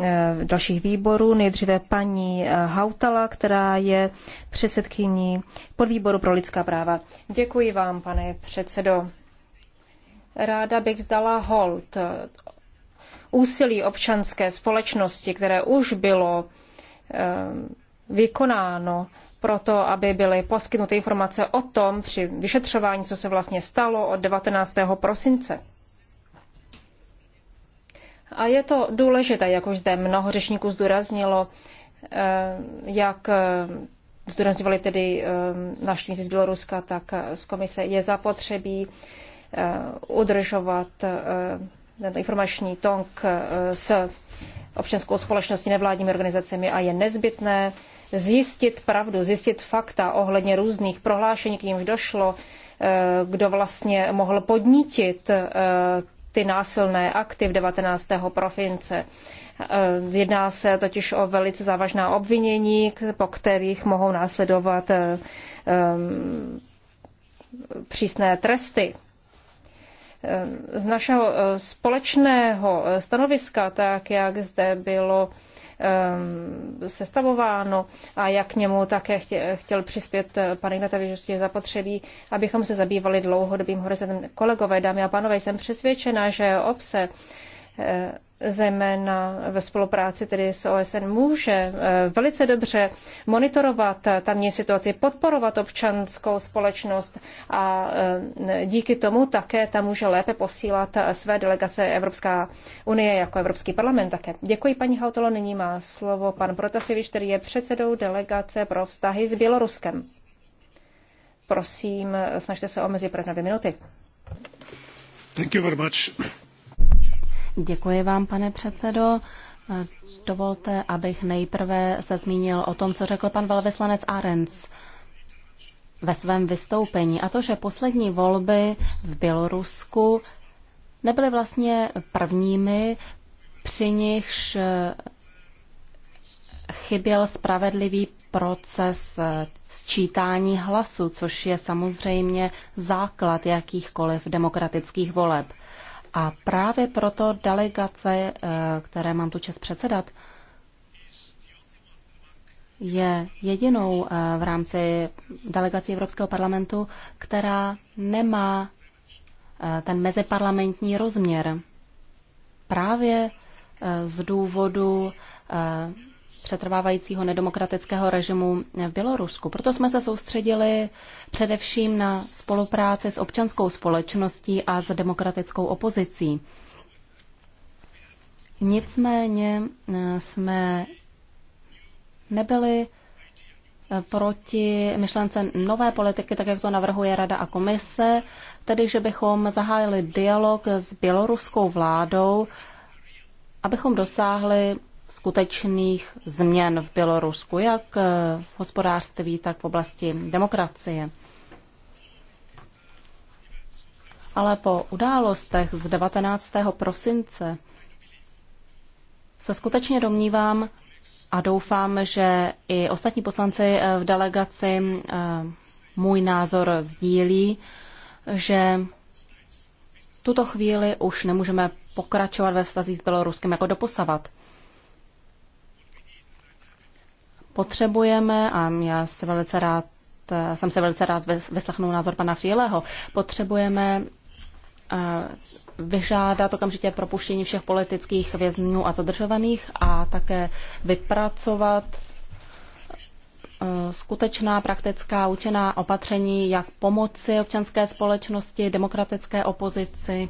Eh, dalších výborů. Nejdříve paní eh, Hautala, která je předsedkyní podvýboru pro lidská práva. Děkuji vám, pane předsedo. Ráda bych vzdala hold eh, úsilí občanské společnosti, které už bylo vykonáno proto, aby byly poskytnuty informace o tom při vyšetřování, co se vlastně stalo od 19. prosince. A je to důležité, jak už zde mnoho řečníků zdůraznilo, eh, jak eh, zdůrazňovali tedy eh, návštěvníci z Běloruska, tak z komise je zapotřebí udržovat tento informační tonk s občanskou společností, nevládními organizacemi a je nezbytné zjistit pravdu, zjistit fakta ohledně různých prohlášení, k nímž došlo, kdo vlastně mohl podnítit ty násilné akty v 19. province. Eh, jedná se totiž o velice závažná obvinění, po kterých mohou následovat eh, eh, přísné tresty. Z našeho společného stanoviska, tak jak zde bylo Ehm, sestavováno a jak k němu také chtěl přispět eh, pan Ignata že je zapotřebí, abychom se zabývali dlouhodobým horizontem. Kolegové, dámy a pánové, jsem přesvědčena, že obse Eh, zejména ve spolupráci tedy s OSN, může eh, velice dobře monitorovat tamní situaci, podporovat občanskou společnost a eh, díky tomu také tam může lépe posílat své delegace Evropská unie jako Evropský parlament také. Děkuji paní Hautolo, nyní má slovo pan Protasevič, který je předsedou delegace pro vztahy s Běloruskem. Prosím, snažte se omezit pro dvě minuty. Thank you very much. Děkuji vám, pane předsedo. Dovolte, abych nejprve se zmínil o tom, co řekl pan velvyslanec Arens ve svém vystoupení, a to, že poslední volby v Bělorusku nebyly vlastně prvními, při nichž chyběl spravedlivý proces sčítání hlasu, což je samozřejmě základ jakýchkoliv demokratických voleb. A právě proto delegace, eh, které mám tu čest předsedat, je jedinou eh, v rámci delegací Evropského parlamentu, která nemá eh, ten meziparlamentní rozměr. Právě z důvodu přetrvávajícího nedemokratického režimu v Bělorusku. Proto jsme se soustředili především na spolupráci s občanskou společností a s demokratickou opozicí. Nicméně eh, jsme nebyli eh, proti myšlence nové politiky, tak jak to navrhuje Rada a komise, tedy že bychom zahájili dialog s běloruskou vládou, abychom dosáhli skutečných změn v Bělorusku, jak eh, v hospodářství, tak v oblasti demokracie. Ale po událostech z 19. prosince se skutečně domnívám a doufám, že i ostatní poslanci eh, v delegaci eh, můj názor sdílí, že tuto chvíli už nemůžeme pokračovat ve vztazích s Běloruskem jako doposavat. potřebujeme, a já se velice rád, eh, jsem se velice rád vyslechnul názor pana Fieleho, potřebujeme eh, vyžádat okamžitě propuštění všech politických vězňů a zadržovaných a také vypracovat eh, skutečná praktická učená opatření, jak pomoci občanské společnosti, demokratické opozici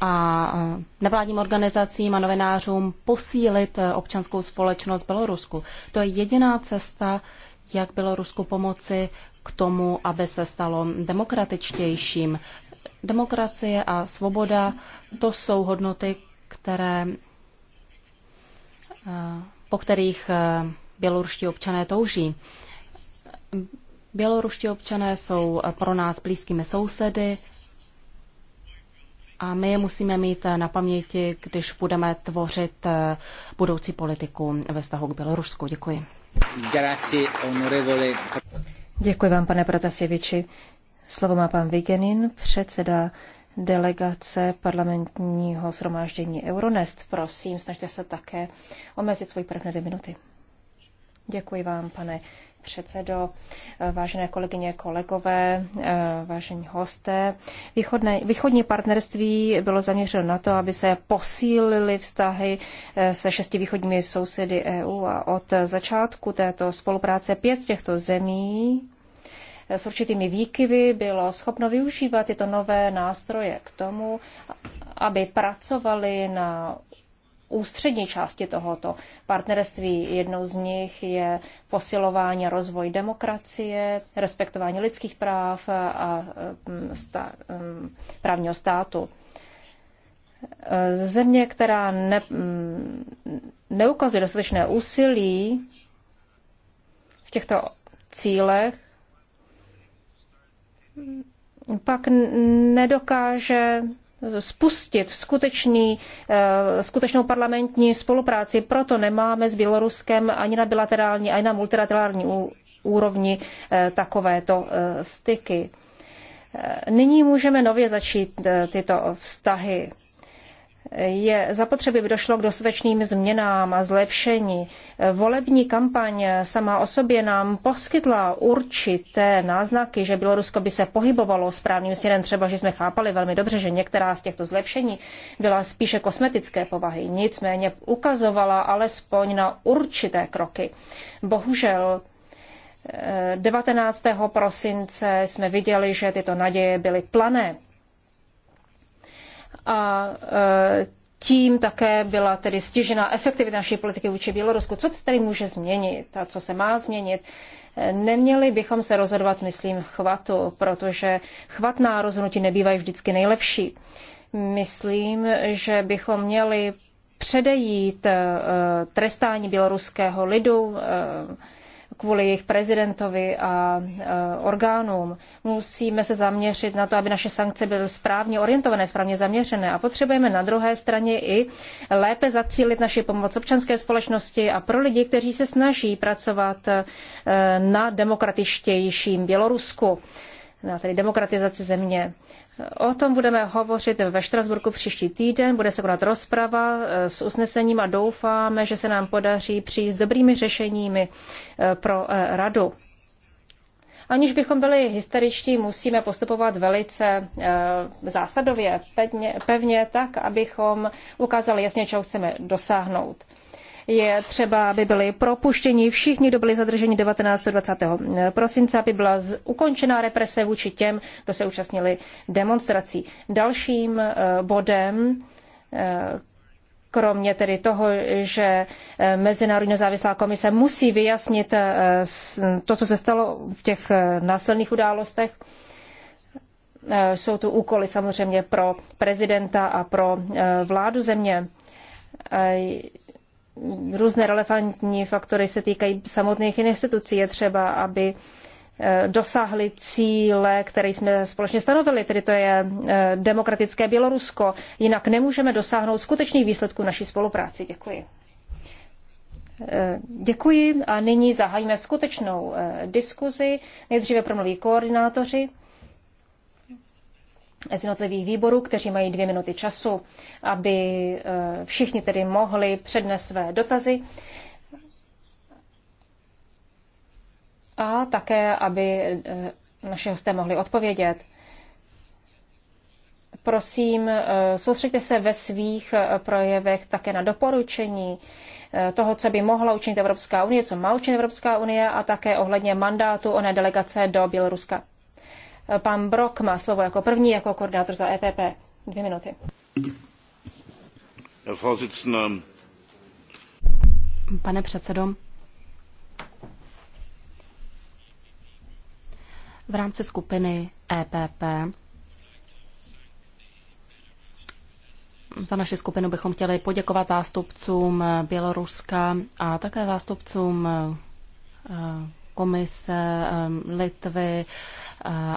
a e, nevládním organizacím a novinářům posílit e, občanskou společnost Bělorusku. To je jediná cesta, jak Bělorusku pomoci k tomu, aby se stalo demokratičtějším. Demokracie a svoboda, to jsou hodnoty, které, e, po kterých běloruští občané touží. Běloruští občané jsou pro nás blízkými sousedy, a my je musíme mít na paměti, když budeme tvořit eh, budoucí politiku ve vztahu k Bělorusku. Děkuji. Děkuji vám, pane Protasěviči. Slovo má pan Vigenin, předseda delegace parlamentního shromáždění Euronest. Prosím, snažte se také omezit svůj první dvě minuty. Děkuji vám, pane předsedo, vážené kolegyně, kolegové, vážení hosté. Východné, východní partnerství bylo zaměřeno na to, aby se posílily vztahy se šesti východními sousedy EU a od začátku této spolupráce pět z těchto zemí s určitými výkyvy bylo schopno využívat tyto nové nástroje k tomu, aby pracovali na ústřední části tohoto partnerství. Jednou z nich je posilování a rozvoj demokracie, respektování lidských práv a mm, stá, mm, právního státu. Země, která ne, mm, neukazuje dostatečné úsilí v těchto cílech, pak nedokáže spustit skutečný, eh, skutečnou parlamentní spolupráci. Proto nemáme s Běloruskem ani na bilaterální, ani na multilaterální úrovni eh, takovéto eh, styky. Nyní můžeme nově začít tyto vztahy je zapotřebí, by došlo k dostatečným změnám a zlepšení. Volební kampaň sama o sobě nám poskytla určité náznaky, že Bělorusko by se pohybovalo správným směrem, třeba že jsme chápali velmi dobře, že některá z těchto zlepšení byla spíše kosmetické povahy, nicméně ukazovala alespoň na určité kroky. Bohužel 19. Eh, prosince jsme viděli, že tyto naděje byly plané a e, tím také byla tedy stižena efektivita naší politiky vůči Bělorusku. Co tedy může změnit a co se má změnit? E, neměli bychom se rozhodovat, myslím, chvatu, protože chvatná rozhodnutí nebývají vždycky nejlepší. Myslím, že bychom měli předejít e, trestání běloruského lidu, kvůli jejich prezidentovi a orgánům. Musíme se zaměřit na to, aby naše sankce byly správně orientované, správně zaměřené a potřebujeme na druhé straně i lépe zacílit naši pomoc občanské společnosti a pro lidi, kteří se snaží pracovat e, na demokratičtějším Bělorusku na tedy demokratizaci země. O tom budeme hovořit ve Štrasburku příští týden. Bude se konat rozprava eh, s usnesením a doufáme, že se nám podaří přijít s dobrými řešeními eh, pro eh, radu. Aniž bychom byli hysteričtí, musíme postupovat velice zásadově, pevně, pevně tak, abychom ukázali jasně, čeho chceme dosáhnout. Je třeba, aby byli propuštěni všichni, kdo byli zadrženi 19. 20. prosince, aby byla ukončena represe vůči těm, kdo se účastnili demonstrací. Dalším eh, bodem, eh, kromě tedy toho, že eh, Mezinárodní nezávislá komise musí vyjasnit to, co se stalo v těch násilných událostech, jsou tu úkoly samozřejmě pro prezidenta a pro vládu země různé relevantní faktory se týkají samotných institucí. Je třeba, aby eh, dosáhli cíle, které jsme společně stanovili, tedy to je eh, demokratické Bělorusko. Jinak nemůžeme dosáhnout skutečných výsledků naší spolupráci. Děkuji. Eh, děkuji a nyní zahájíme skutečnou diskuzi. Nejdříve promluví koordinátoři z jednotlivých výborů, kteří mají dvě minuty času, aby eh, všichni tedy mohli přednést své dotazy a také, aby eh, naše hosté mohli odpovědět. Prosím, eh, soustředte se ve svých projevech také na doporučení toho, co by mohla učinit Evropská unie, co má učinit Evropská unie a také ohledně mandátu oné delegace do Běloruska. Pan Brok má slovo jako první, jako koordinátor za EPP. Dvě minuty. Pane předsedo, v rámci skupiny EPP za naši skupinu bychom chtěli poděkovat zástupcům Běloruska a také zástupcům eh, komise eh, Litvy,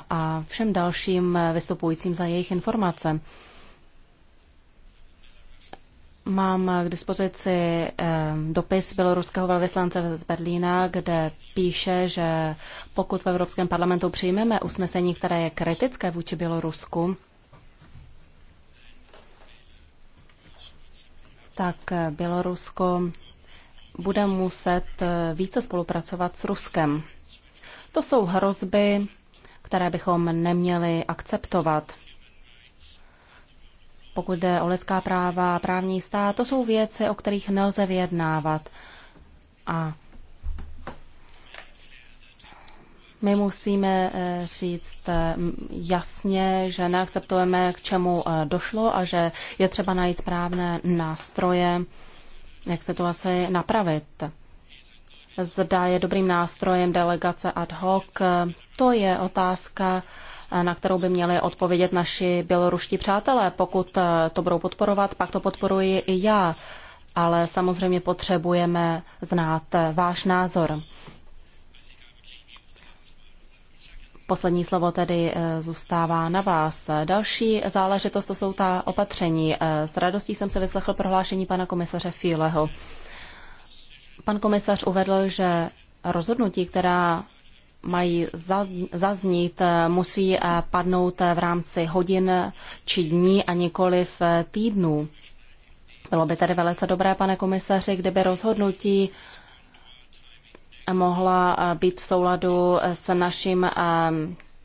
a všem dalším vystupujícím za jejich informace. Mám k dispozici eh, dopis běloruského velvyslance z Berlína, kde píše, že pokud v Evropském parlamentu přijmeme usnesení, které je kritické vůči Bělorusku, tak Bělorusko bude muset eh, více spolupracovat s Ruskem. To jsou hrozby, které bychom neměli akceptovat. Pokud jde o lidská práva, právní stát, to jsou věci, o kterých nelze vyjednávat. A my musíme eh, říct eh, jasně, že neakceptujeme, k čemu eh, došlo a že je třeba najít správné nástroje, jak situaci napravit. Zda je dobrým nástrojem delegace ad hoc, to je otázka, na kterou by měli odpovědět naši běloruští přátelé. Pokud eh, to budou podporovat, pak to podporuji i já. Ale samozřejmě potřebujeme znát eh, váš názor. Poslední slovo tedy eh, zůstává na vás. Další záležitost to jsou ta opatření. S radostí jsem se vyslechl prohlášení pana komisaře Fíleho. Pan komisař uvedl, že rozhodnutí, která mají zaznít, eh, musí eh, padnout eh, v rámci hodin či dní a nikoli v týdnu. Bylo by tedy velice dobré, pane komisaři, kdyby rozhodnutí mohla být v souladu s naším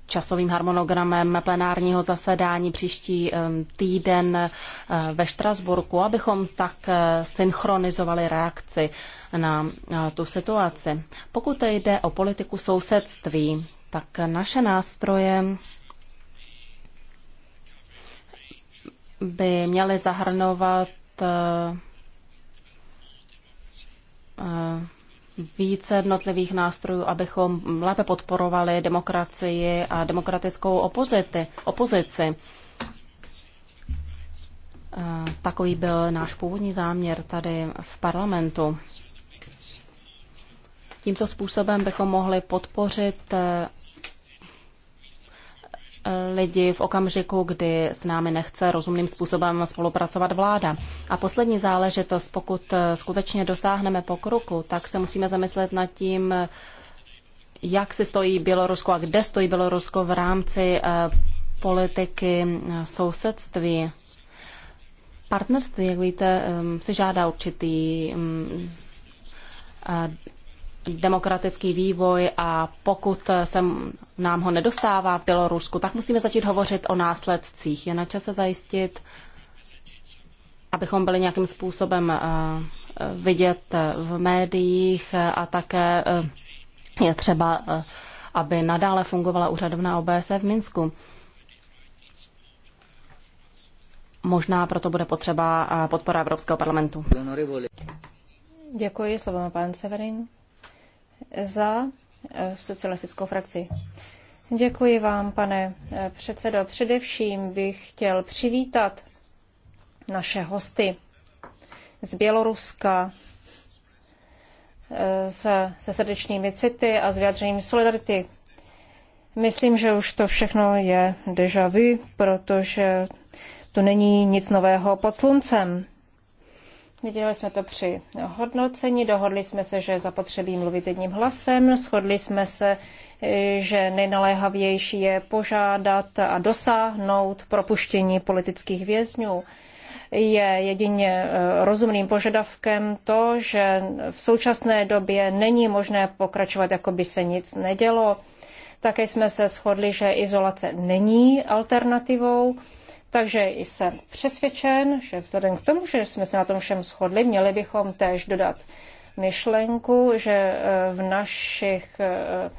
časovým harmonogramem plenárního zasedání příští týden eh, ve Štrasburku, abychom tak eh, synchronizovali reakci na eh, tu situaci. Pokud jde o politiku sousedství, tak naše nástroje by měly zahrnovat více jednotlivých nástrojů, abychom lépe podporovali demokracii a demokratickou opozity, opozici. Takový byl náš původní záměr tady v parlamentu. Tímto způsobem bychom mohli podpořit lidi v okamžiku, kdy s námi nechce rozumným způsobem spolupracovat vláda. A poslední záležitost, pokud eh, skutečně dosáhneme pokroku, tak se musíme zamyslet nad tím, jak si stojí Bělorusko a kde stojí Bělorusko v rámci eh, politiky eh, sousedství. Partnerství, jak víte, si žádá určitý mm, demokratický vývoj a pokud se nám ho nedostává v Bělorusku, tak musíme začít hovořit o následcích. Je na čase zajistit, abychom byli nějakým způsobem eh, eh, vidět eh, v médiích a také je třeba, aby nadále fungovala úřadovná OBSE v Minsku. Možná proto bude potřeba podpora Evropského parlamentu. Děkuji, slovo má pan Severin za eh, socialistickou frakci. Děkuji vám, pane eh, předsedo. Především bych chtěl přivítat naše hosty z Běloruska eh, se, se srdečnými city a s vyjadřením solidarity. Myslím, že už to všechno je deja vu, protože to není nic nového pod sluncem. Viděli jsme to při hodnocení, dohodli jsme se, že zapotřebí mluvit jedním hlasem, shodli jsme se, eh, že nejnaléhavější je požádat a dosáhnout propuštění politických vězňů. Je jedině eh, rozumným požadavkem to, že v současné době není možné pokračovat, jako by se nic nedělo. Také jsme se shodli, že izolace není alternativou takže jsem přesvědčen, že vzhledem k tomu, že jsme se na tom všem shodli, měli bychom též dodat myšlenku, že eh, v našich eh,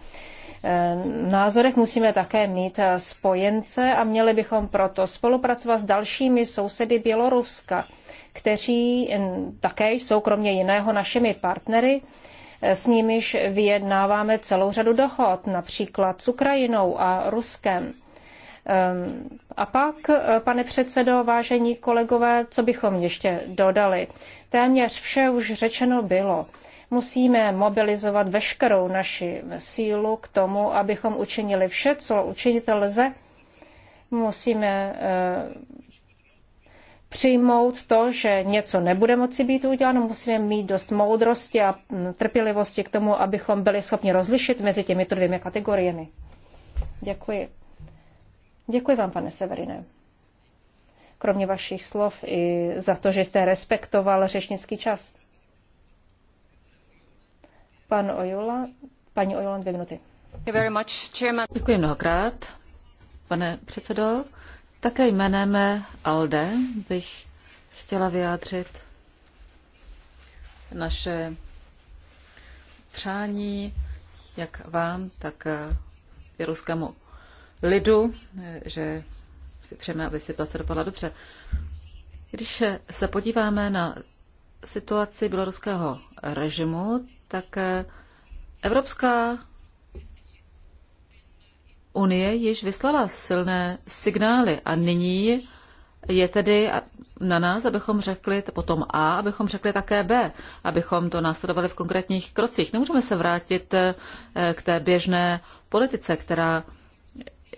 eh, názorech musíme také mít spojence a měli bychom proto spolupracovat s dalšími sousedy Běloruska, kteří hm, také jsou kromě jiného našimi partnery, s nimiž vyjednáváme celou řadu dohod, například s Ukrajinou a Ruskem. Ehm, a pak, eh, pane předsedo, vážení kolegové, co bychom ještě dodali? Téměř vše už řečeno bylo. Musíme mobilizovat veškerou naši sílu k tomu, abychom učinili vše, co učinit lze. Musíme eh, přijmout to, že něco nebude moci být uděláno, musíme mít dost moudrosti a hm, trpělivosti k tomu, abychom byli schopni rozlišit mezi těmito dvěmi kategoriemi. Děkuji. Děkuji vám, pane Severine. Kromě vašich slov i za to, že jste respektoval řečnický čas. Pan Ojola, paní Ojola, dvě minuty. Děkuji mnohokrát, pane předsedo. Také jménem ALDE bych chtěla vyjádřit naše přání jak vám, tak ruskému lidu, že si přejeme, aby situace dopadla dobře. Když se podíváme na situaci běloruského režimu, tak Evropská unie již vyslala silné signály a nyní je tedy na nás, abychom řekli potom A, abychom řekli také B, abychom to následovali v konkrétních krocích. Nemůžeme se vrátit eh, k té běžné politice, která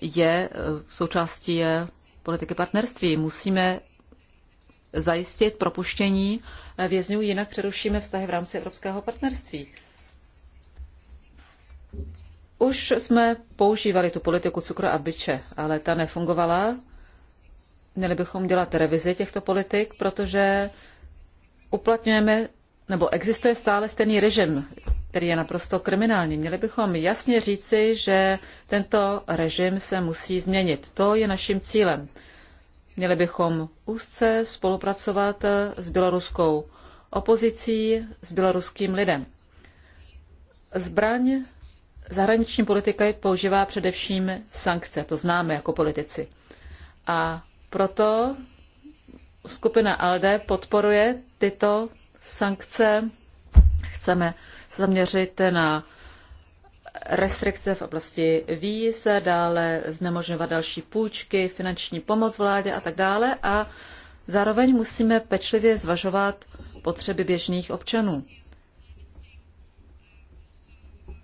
je eh, součástí je politiky partnerství. Musíme zajistit propuštění eh, vězňů, jinak přerušíme vztahy v rámci evropského partnerství. Už jsme používali tu politiku cukru a byče, ale ta nefungovala. Měli bychom dělat revizi těchto politik, protože uplatňujeme nebo existuje stále stejný režim který je naprosto kriminální. Měli bychom jasně říci, že tento režim se musí změnit. To je naším cílem. Měli bychom úzce spolupracovat s běloruskou opozicí, s běloruským lidem. Zbraň zahraniční politika používá především sankce, to známe jako politici. A proto skupina ALDE podporuje tyto sankce. Chceme zaměřit na restrikce v oblasti víz, dále znemožňovat další půjčky, finanční pomoc vládě a tak dále a zároveň musíme pečlivě zvažovat potřeby běžných občanů.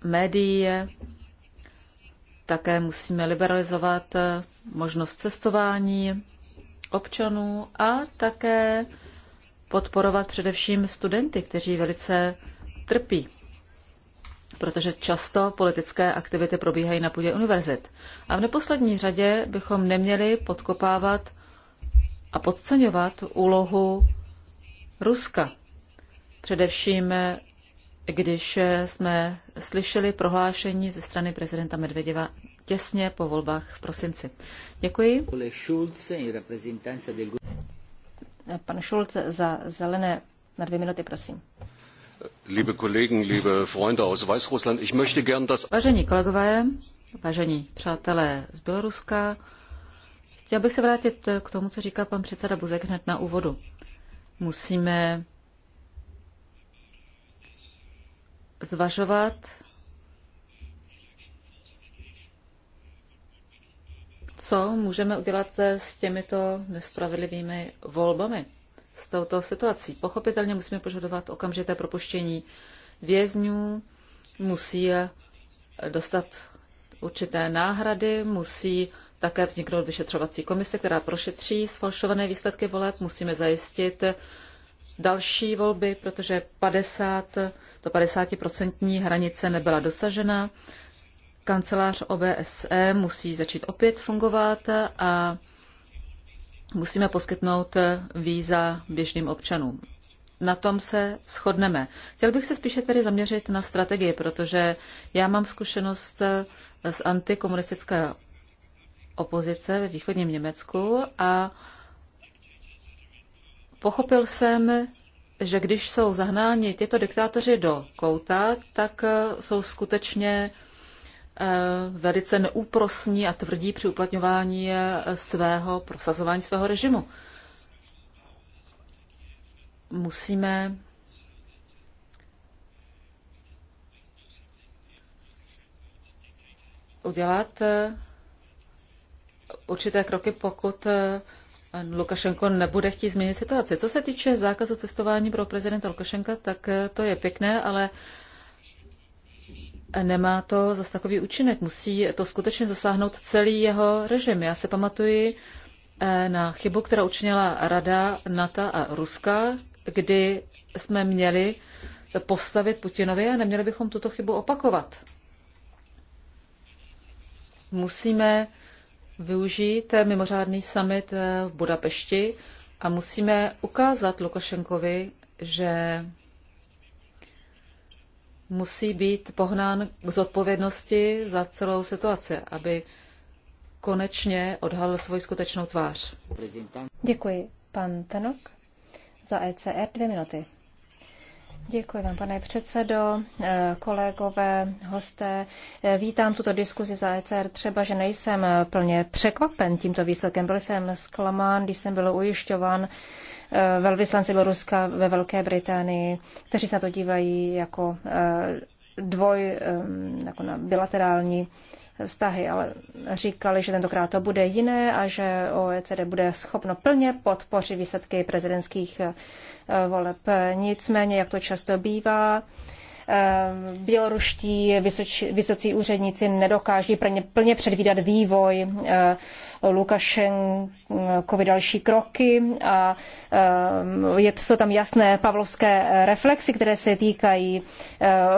Médie, také musíme liberalizovat možnost cestování občanů a také podporovat především studenty, kteří velice trpí protože často politické aktivity probíhají na půdě univerzit. A v neposlední řadě bychom neměli podkopávat a podceňovat úlohu Ruska. Především, když jsme slyšeli prohlášení ze strany prezidenta Medvedeva těsně po volbách v prosinci. Děkuji. Pane Šulce za zelené na dvě minuty, prosím liebe Kollegen, liebe Freunde aus Weißrussland, ich möchte gern das... Vážení kolegové, vážení přátelé z Běloruska, chtěl bych se vrátit k tomu, co říkal pan předseda Buzek hned na úvodu. Musíme zvažovat, co můžeme udělat s těmito nespravedlivými volbami s touto situací. Pochopitelně musíme požadovat okamžité propuštění vězňů, musí dostat určité náhrady, musí také vzniknout vyšetřovací komise, která prošetří sfalšované výsledky voleb. Musíme zajistit další volby, protože 50, to 50% hranice nebyla dosažena. Kancelář OBSE musí začít opět fungovat a musíme poskytnout eh, víza běžným občanům. Na tom se shodneme. Chtěl bych se spíše tedy zaměřit na strategii, protože já mám zkušenost eh, z antikomunistické opozice ve východním Německu a pochopil jsem, že když jsou zahnáni tyto diktátoři do kouta, tak eh, jsou skutečně Eh, velice neúprosní a tvrdí při uplatňování eh, svého, prosazování svého režimu. Musíme udělat eh, určité kroky, pokud Lukašenko nebude chtít změnit situaci. Co se týče zákazu cestování pro prezidenta Lukašenka, tak to je pěkné, ale nemá to zase takový účinek. Musí to skutečně zasáhnout celý jeho režim. Já se pamatuji eh, na chybu, která učinila Rada NATO a Ruska, kdy jsme měli postavit Putinovi a neměli bychom tuto chybu opakovat. Musíme využít mimořádný summit eh, v Budapešti a musíme ukázat Lukašenkovi, že musí být pohnán k zodpovědnosti za celou situaci, aby konečně odhalil svoji skutečnou tvář. Děkuji, pan Tanok. Za ECR dvě minuty. Děkuji vám, pane předsedo, eh, kolegové, hosté. Eh, vítám tuto diskuzi za ECR. Třeba, že nejsem eh, plně překvapen tímto výsledkem. Byl jsem zklamán, když jsem byl ujišťován velvyslanci Ruska ve Velké Británii, kteří se na to dívají jako dvoj, jako na bilaterální vztahy, ale říkali, že tentokrát to bude jiné a že OECD bude schopno plně podpořit výsledky prezidentských eh, voleb. Nicméně, jak to často bývá, Eh, běloruští vysoči, vysocí úředníci nedokáží plně, plně předvídat vývoj eh, Lukašenkovi další kroky a eh, je, to tam jasné pavlovské reflexy, které se týkají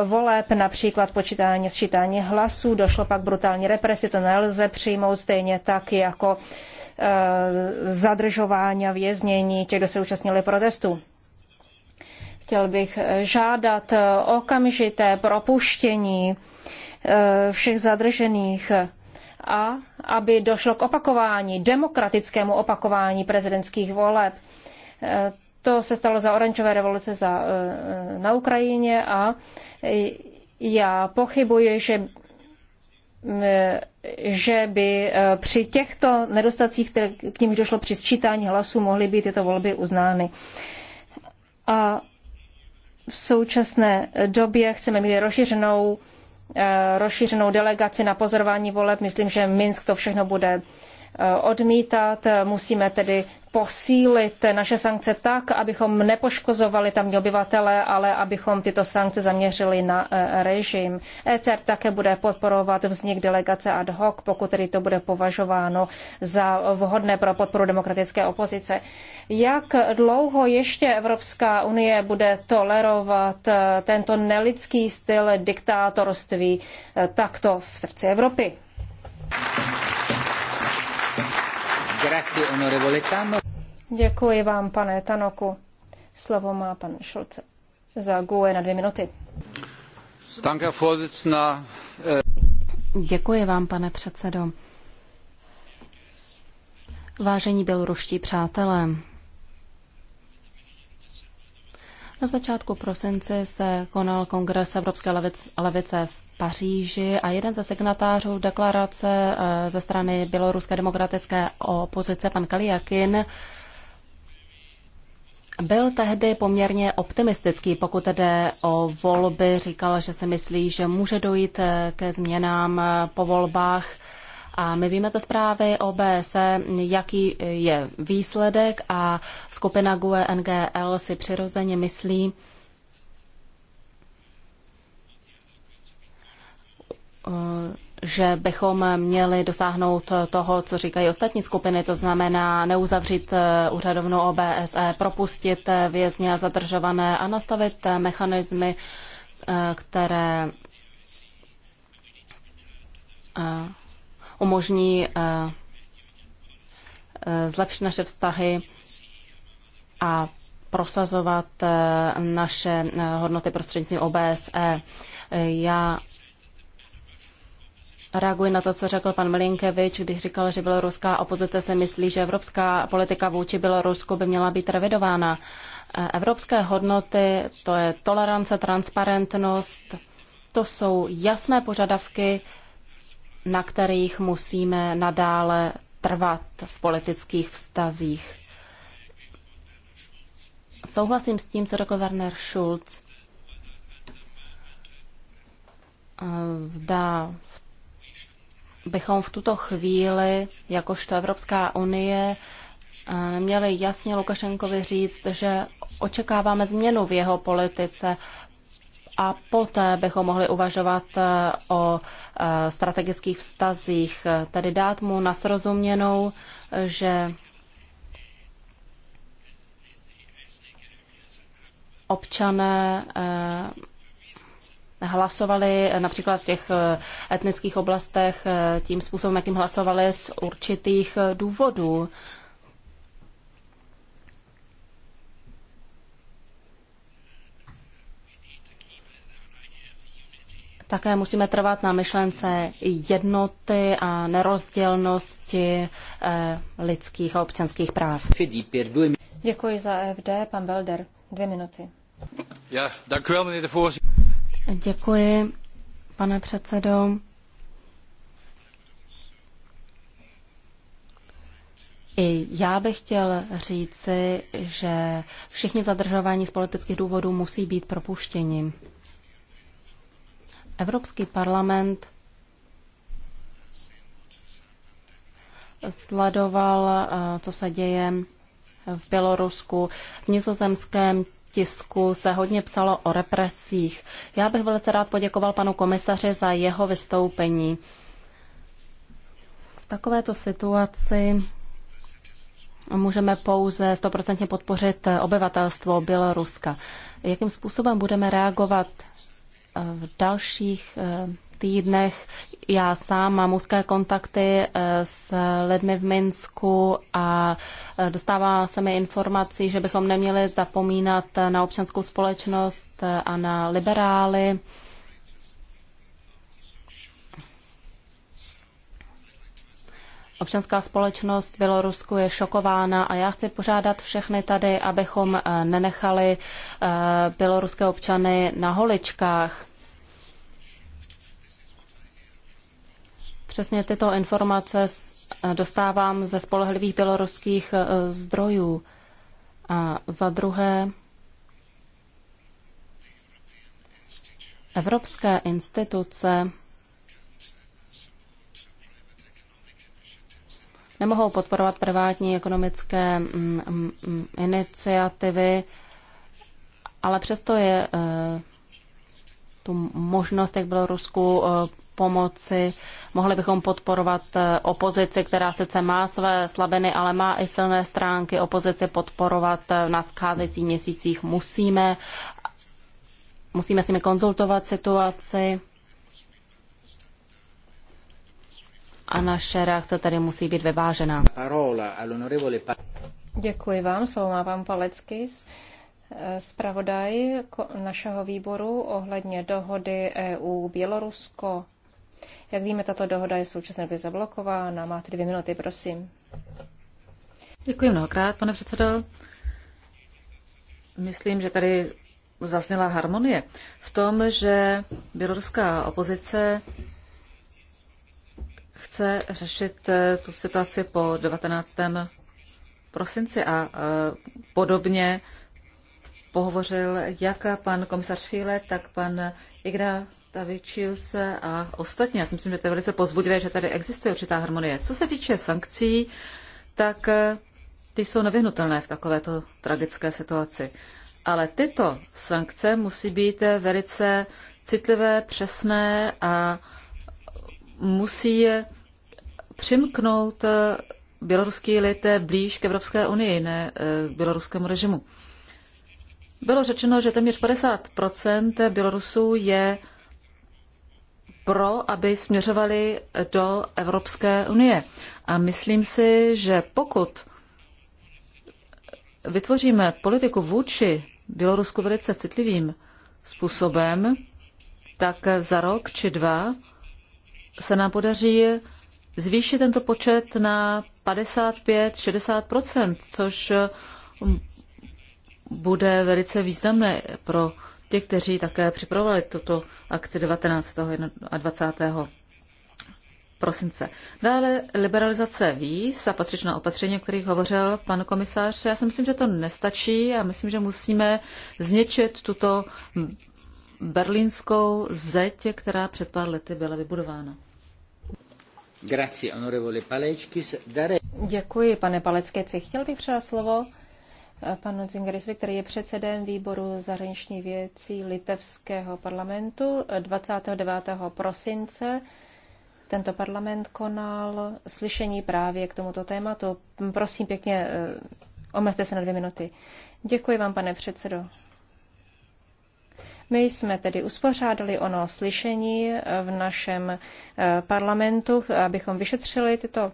voleb, například počítání, sčítání hlasů, došlo pak brutální represi, to nelze přijmout stejně tak jako zadržování a věznění těch, kdo se účastnili protestu. Chtěl bych eh, žádat eh, okamžité propuštění eh, všech zadržených a aby došlo k opakování, demokratickému opakování prezidentských voleb. To se stalo za oranžové revoluce za, na Ukrajině a já pochybuji, že mm, že by při těchto nedostacích, které k nímž došlo při sčítání hlasů, mohly být tyto volby uznány. A v současné době chceme mít rozšířenou, eh, rozšířenou delegaci na pozorování voleb. Myslím, že Minsk to všechno bude Eh, odmítat. Musíme tedy posílit naše sankce tak, abychom nepoškozovali tamní obyvatele, ale abychom tyto sankce zaměřili na eh, režim. ECR také bude podporovat vznik delegace ad hoc, pokud tedy to bude považováno za vhodné pro podporu demokratické opozice. Jak dlouho ještě Evropská unie bude tolerovat eh, tento nelidský styl diktátorství takto v srdci Evropy? Děkuji vám, pane Tanoku. Slovo má pan Šulce. Za GUE na dvě minuty. Danke, Vorsitzender. Děkuji vám, pane předsedo. Vážení běloruští přátelé, Na začátku prosince se konal kongres Evropské levice v Paříži a jeden ze signatářů deklarace eh, ze strany běloruské demokratické opozice, pan Kaliakin, byl tehdy poměrně optimistický, pokud jde o volby. Říkal, že si myslí, že může dojít eh, ke změnám eh, po volbách. A my víme ze zprávy o BSE, jaký je výsledek a skupina GUE NGL si přirozeně myslí, že bychom měli dosáhnout toho, co říkají ostatní skupiny, to znamená neuzavřít eh, úřadovnu OBSE, propustit eh, vězně a zadržované a nastavit eh, mechanismy, které umožní eh, eh, zlepšit naše vztahy a prosazovat eh, naše hodnoty prostřednictvím OBSE. Já reaguji na to, co řekl pan Milinkevič, když říkal, že běloruská opozice se myslí, že evropská politika vůči Bělorusku by měla být revidována. Evropské hodnoty, to je tolerance, transparentnost, to jsou jasné požadavky, na kterých musíme nadále trvat v politických vztazích. Souhlasím s tím, co řekl Werner Schulz. Zda bychom v tuto chvíli, jakožto Evropská unie, měli jasně Lukašenkovi říct, že očekáváme změnu v jeho politice, a poté bychom mohli uvažovat eh, o eh, strategických vztazích, tedy dát mu nasrozuměnou, že občané eh, hlasovali například v těch etnických oblastech tím způsobem, jakým hlasovali z určitých důvodů. Také musíme trvat na myšlence jednoty a nerozdělnosti eh, lidských a občanských práv. Děkuji za EFD, pan Belder. Dvě minuty. Ja, Děkuji, pane předsedo. I já bych chtěl říci, že všichni zadržování z politických důvodů musí být propuštěni. Evropský parlament sledoval, eh, co se děje v Bělorusku. V nizozemském tisku se hodně psalo o represích. Já bych velice rád poděkoval panu komisaři za jeho vystoupení. V takovéto situaci můžeme pouze stoprocentně podpořit obyvatelstvo Běloruska. Jakým způsobem budeme reagovat v dalších eh, týdnech. Já sám mám úzké kontakty eh, s lidmi v Minsku a eh, dostává se mi informací, že bychom neměli zapomínat na občanskou společnost a na liberály. Občanská společnost v Bělorusku je šokována a já chci požádat všechny tady, abychom nenechali běloruské občany na holičkách. Přesně tyto informace dostávám ze spolehlivých běloruských e, zdrojů. A za druhé, evropské instituce nemohou podporovat privátní ekonomické iniciativy, ale přesto je e, tu možnost, jak bylo Rusku e, pomoci, mohli bychom podporovat eh, opozici, která sice má své slabiny, ale má i silné stránky. Opozici podporovat eh, v nascházejících měsících musíme. Musíme s nimi konzultovat situaci. A naše reakce tady musí být vyvážená. Děkuji vám, slovo má vám Palecký, eh, zpravodaj našeho výboru ohledně dohody EU Bělorusko jak víme, tato dohoda je současně době zablokována. Máte dvě minuty, prosím. Děkuji mnohokrát, pane předsedo. Myslím, že tady zazněla harmonie v tom, že běloruská opozice chce řešit eh, tu situaci po 19. prosinci a eh, podobně pohovořil jak pan komisař Fíle, tak pan Igra Tavičius a ostatní. Já si myslím, že to je velice pozbudivé, že tady existuje určitá harmonie. Co se týče sankcí, tak eh, ty jsou nevyhnutelné v takovéto tragické situaci. Ale tyto sankce musí být eh, velice citlivé, přesné a musí eh, přimknout běloruský lid blíž k Evropské unii, ne k běloruskému režimu. Bylo řečeno, že téměř 50 Bělorusů je pro, aby směřovali do Evropské unie. A myslím si, že pokud vytvoříme politiku vůči Bělorusku velice citlivým způsobem, tak za rok či dva se nám podaří zvýšit tento počet na 55-60%, což bude velice významné pro ty, kteří také připravovali tuto akci 19. a 20. prosince. Dále liberalizace víz a patřičná opatření, o kterých hovořil pan komisář. Já si myslím, že to nestačí a myslím, že musíme zničit tuto berlínskou zeď, která před pár lety byla vybudována. Děkuji, pane Palecké. Chtěl bych přát slovo panu Zingerisvi, který je předsedem výboru zahraniční věcí litevského parlamentu 29. prosince. Tento parlament konal slyšení právě k tomuto tématu. Prosím pěkně, eh, omezte se na dvě minuty. Děkuji vám, pane předsedo. My jsme tedy uspořádali ono slyšení v našem eh, parlamentu, abychom vyšetřili tyto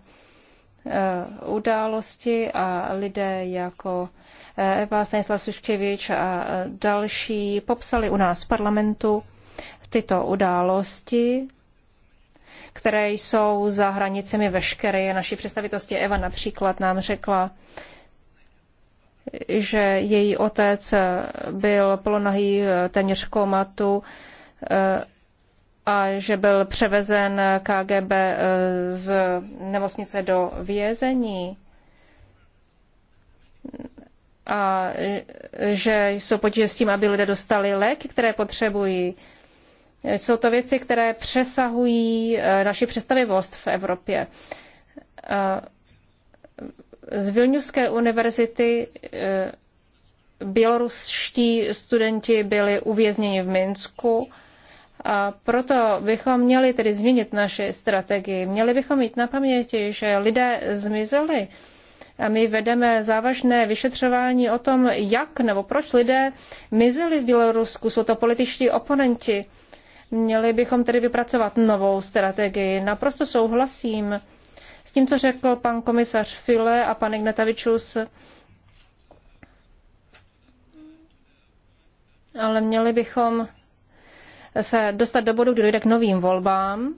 Eh, události a lidé jako eh, Eva Stanislav Suškevič a eh, další popsali u nás v parlamentu tyto události, které jsou za hranicemi veškeré naší představitosti. Eva například nám řekla, že její otec byl polonahý téměř komatu a že byl převezen KGB eh, z nemocnice do vězení a eh, že jsou potíže s tím, aby lidé dostali léky, které potřebují. Jsou to věci, které přesahují eh, naši představivost v Evropě. Z Vilniuské univerzity běloruští studenti byli uvězněni v Minsku a proto bychom měli tedy změnit naši strategii. Měli bychom mít na paměti, že lidé zmizeli. A my vedeme závažné vyšetřování o tom, jak nebo proč lidé mizeli v Bělorusku. Jsou to političtí oponenti. Měli bychom tedy vypracovat novou strategii. Naprosto souhlasím s tím, co řekl pan komisař File a pan Ignatavičus. Ale měli bychom se dostat do bodu, kdy dojde k novým volbám.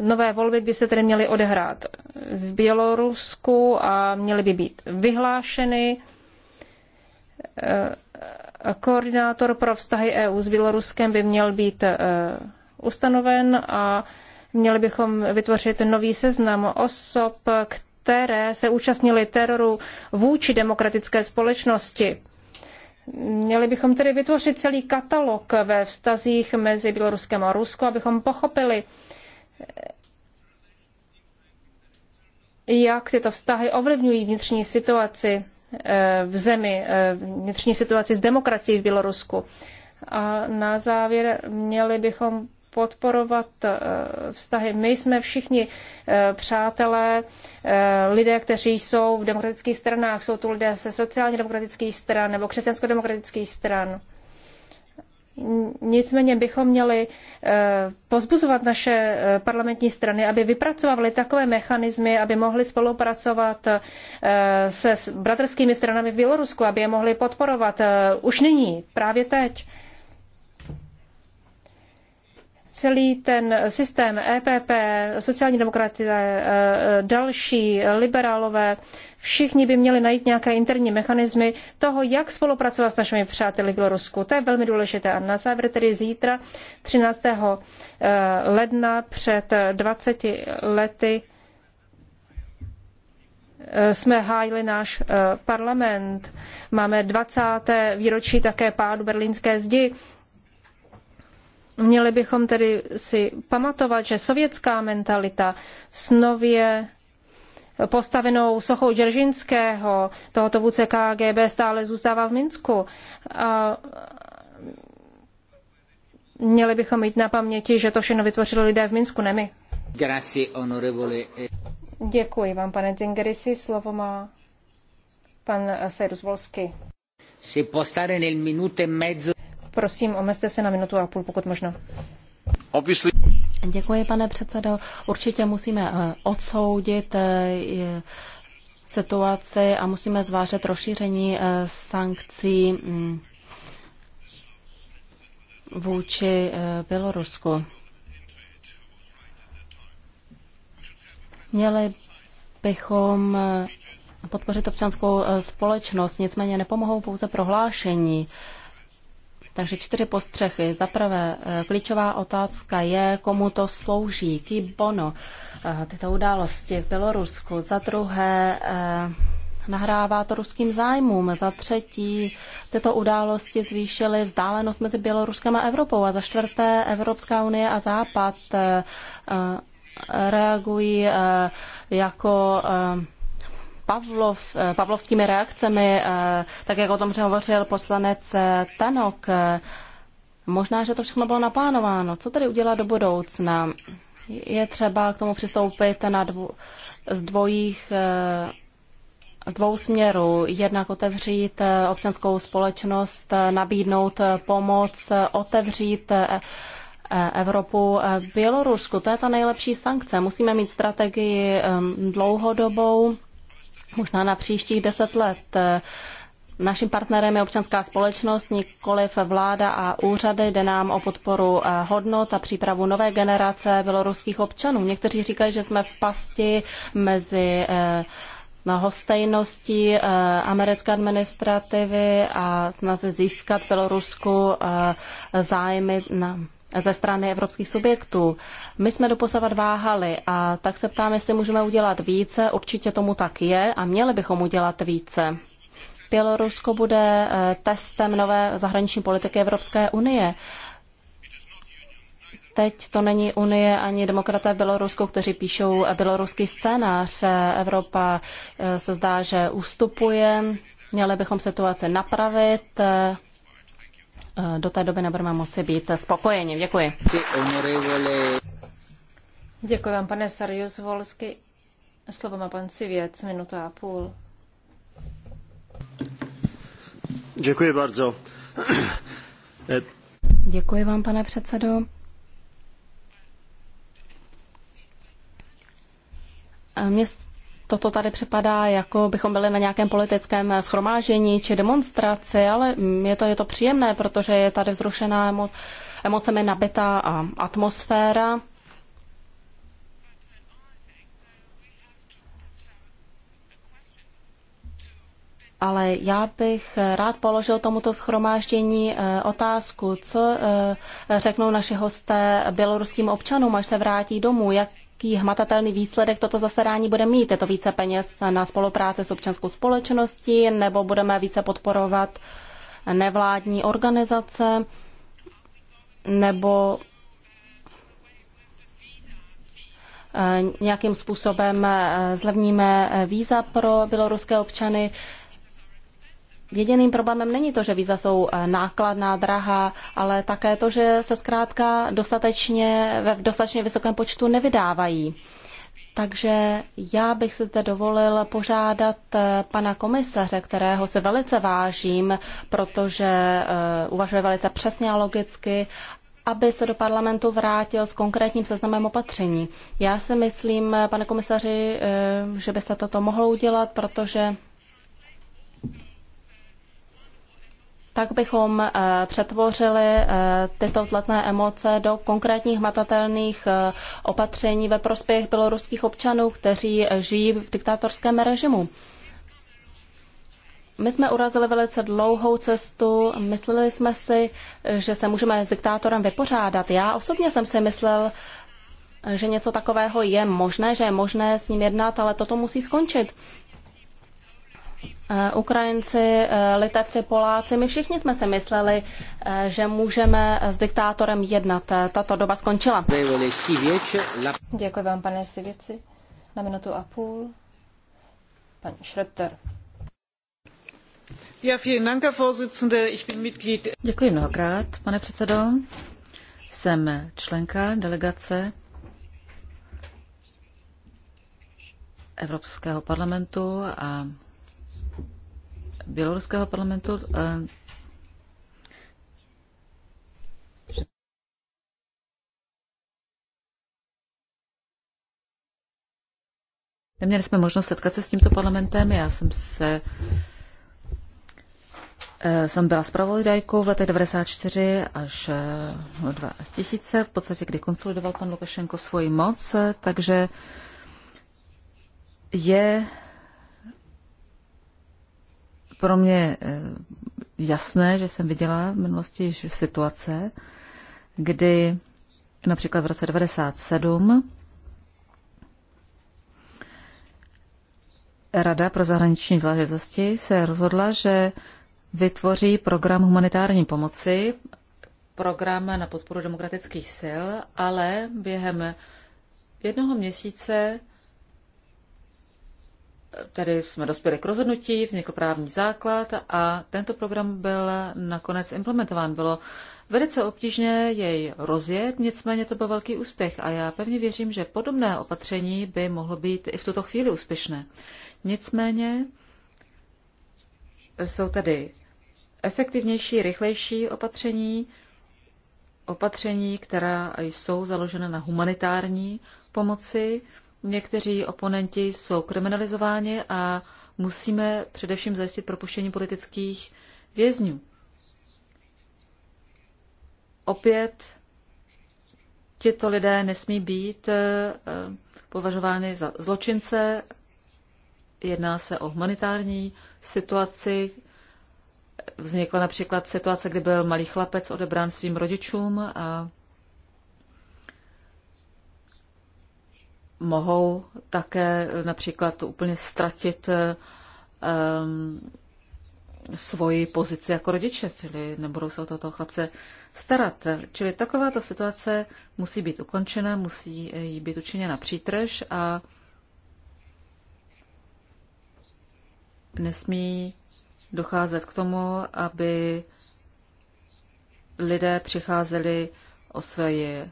Nové volby by se tedy měly odehrát v Bělorusku a měly by být vyhlášeny. Koordinátor pro vztahy EU s Běloruskem by měl být eh, ustanoven a měli bychom vytvořit nový seznam osob, které se účastnily teroru vůči demokratické společnosti. Měli bychom tedy vytvořit celý katalog ve vztazích mezi Běloruskem a Ruskou, abychom pochopili, jak tyto vztahy ovlivňují vnitřní situaci eh, v zemi, eh, vnitřní situaci s demokracií v Bělorusku. A na závěr měli bychom podporovat eh, vztahy. My jsme všichni eh, přátelé, eh, lidé, kteří jsou v demokratických stranách, jsou to lidé ze sociálně demokratických stran nebo křesťansko-demokratických stran. Nicméně bychom měli pozbuzovat naše parlamentní strany, aby vypracovaly takové mechanismy, aby mohly spolupracovat se bratrskými stranami v Bělorusku, aby je mohly podporovat už nyní, právě teď celý ten systém EPP, sociální demokraté, eh, eh, další liberálové, všichni by měli najít nějaké interní mechanismy toho, jak spolupracovat s našimi přáteli v Bělorusku. To je velmi důležité. A na závěr tedy zítra, 13. Eh, ledna, před 20 lety, jsme hájili náš parlament. Máme 20. výročí také pádu berlínské zdi Měli bychom tedy si pamatovat, že sovětská mentalita snově postavenou sochou Džeržinského, tohoto vůdce KGB, stále zůstává v Minsku. A měli bychom mít na paměti, že to všechno vytvořili lidé v Minsku, ne my. Děkuji vám, pane Zingerisi. Slovo má pan Sejrus Volsky. Si può stare nel minuto e mezzo Prosím, omezte se na minutu a půl, pokud možno. Děkuji, pane předsedo. Určitě musíme eh, odsoudit eh, situaci a musíme zvážet rozšíření eh, sankcí mm, vůči Bělorusku. Měli bychom podpořit občanskou společnost, nicméně nepomohou pouze prohlášení. Takže čtyři postřechy. Za prvé, eh, klíčová otázka je, komu to slouží, ký bono eh, tyto události v Bělorusku. Za druhé, eh, nahrává to ruským zájmům. Za třetí, tyto události zvýšily vzdálenost mezi Běloruskem a Evropou. A za čtvrté, Evropská unie a Západ reagují jako Pavlov, eh, pavlovskými reakcemi, eh, tak jak o tom hovořil poslanec eh, Tanok. Možná, že to všechno bylo naplánováno. Co tedy udělat do budoucna? Je třeba k tomu přistoupit na dvo, z dvojích dvou směrů. Jednak otevřít občanskou společnost, nabídnout pomoc, otevřít Evropu Bělorusku. To je ta nejlepší sankce. Musíme mít strategii dlouhodobou možná na příštích deset let. Naším partnerem je občanská společnost, nikoliv vláda a úřady. Jde nám o podporu eh, hodnot a přípravu nové generace běloruských občanů. Někteří říkají, že jsme v pasti mezi eh, eh americké administrativy a snaze získat Bělorusku eh, zájmy na ze strany evropských subjektů. My jsme doposavat váhali a tak se ptáme, jestli můžeme udělat více. Určitě tomu tak je a měli bychom udělat více. Bělorusko bude eh, testem nové zahraniční politiky Evropské unie. Teď to není Unie ani demokraté v Bělorusku, kteří píšou eh, běloruský scénář. Eh, Evropa se zdá, že ustupuje. Měli bychom situaci napravit. Eh, do té doby nebudeme musí být spokojeni. Děkuji. Děkuji vám, pane Sarius Volsky. Slovo má pan Civěc, minuta a půl. Děkuji bardzo. Děkuji vám, pane předsedo. Eh, Měst toto tady připadá, jako bychom byli na nějakém politickém schromážení či demonstraci, ale je to, je to příjemné, protože je tady vzrušená emo, emocemi nabitá a atmosféra. Ale já bych rád položil tomuto schromáždění eh, otázku, co eh, řeknou naši hosté běloruským občanům, až se vrátí domů, jak jaký hmatatelný výsledek toto zasedání bude mít. Je to více peněz na spolupráci s občanskou společností nebo budeme více podporovat nevládní organizace nebo eh, nějakým způsobem eh, zlevníme víza pro běloruské občany. Jediným problémem není to, že víza jsou eh, nákladná, drahá, ale také to, že se zkrátka dostatečně, v dostatečně vysokém počtu nevydávají. Takže já bych se zde dovolil požádat eh, pana komisaře, kterého se velice vážím, protože eh, uvažuje velice přesně a logicky, aby se do parlamentu vrátil s konkrétním seznamem opatření. Já si myslím, pane komisaři, že byste toto mohl udělat, protože tak bychom eh, přetvořili eh, tyto vzletné emoce do konkrétních matatelných eh, opatření ve prospěch běloruských občanů, kteří žijí v diktátorském režimu. My jsme urazili velice dlouhou cestu, mysleli jsme si, že se můžeme s diktátorem vypořádat. Já osobně jsem si myslel, že něco takového je možné, že je možné s ním jednat, ale toto musí skončit. Eh, Ukrajinci, eh, Litevci, Poláci, my všichni jsme si mysleli, eh, že můžeme s diktátorem jednat. Tato doba skončila. Děkuji vám, pane Sivici. Na minutu a půl. Pan Schröter. Děkuji mnohokrát, pane předsedo. Jsem členka delegace Evropského parlamentu a běloruského parlamentu. Eh, neměli jsme možnost setkat se s tímto parlamentem. Já jsem se eh, jsem byla zpravodajkou v letech 94 až 2000, eh, v podstatě kdy konsolidoval pan Lukašenko svoji moc, takže je pro mě eh, jasné, že jsem viděla v minulosti již situace, kdy například v roce 1997 Rada pro zahraniční záležitosti se rozhodla, že vytvoří program humanitární pomoci, program na podporu demokratických sil, ale během jednoho měsíce Tady jsme dospěli k rozhodnutí, vznikl právní základ a tento program byl nakonec implementován. Bylo velice obtížně jej rozjet, nicméně to byl velký úspěch a já pevně věřím, že podobné opatření by mohlo být i v tuto chvíli úspěšné. Nicméně jsou tady efektivnější, rychlejší opatření, opatření, která jsou založena na humanitární pomoci. Někteří oponenti jsou kriminalizováni a musíme především zajistit propuštění politických vězňů. Opět tyto lidé nesmí být eh, považovány za zločince. Jedná se o humanitární situaci. Vznikla například situace, kdy byl malý chlapec odebrán svým rodičům a mohou také eh, například úplně ztratit um, svoji pozici jako rodiče, čili nebudou se o toho chlapce starat. Čili takováto situace musí být ukončena, musí eh, jí být učiněna přítrž a nesmí docházet k tomu, aby lidé přicházeli o své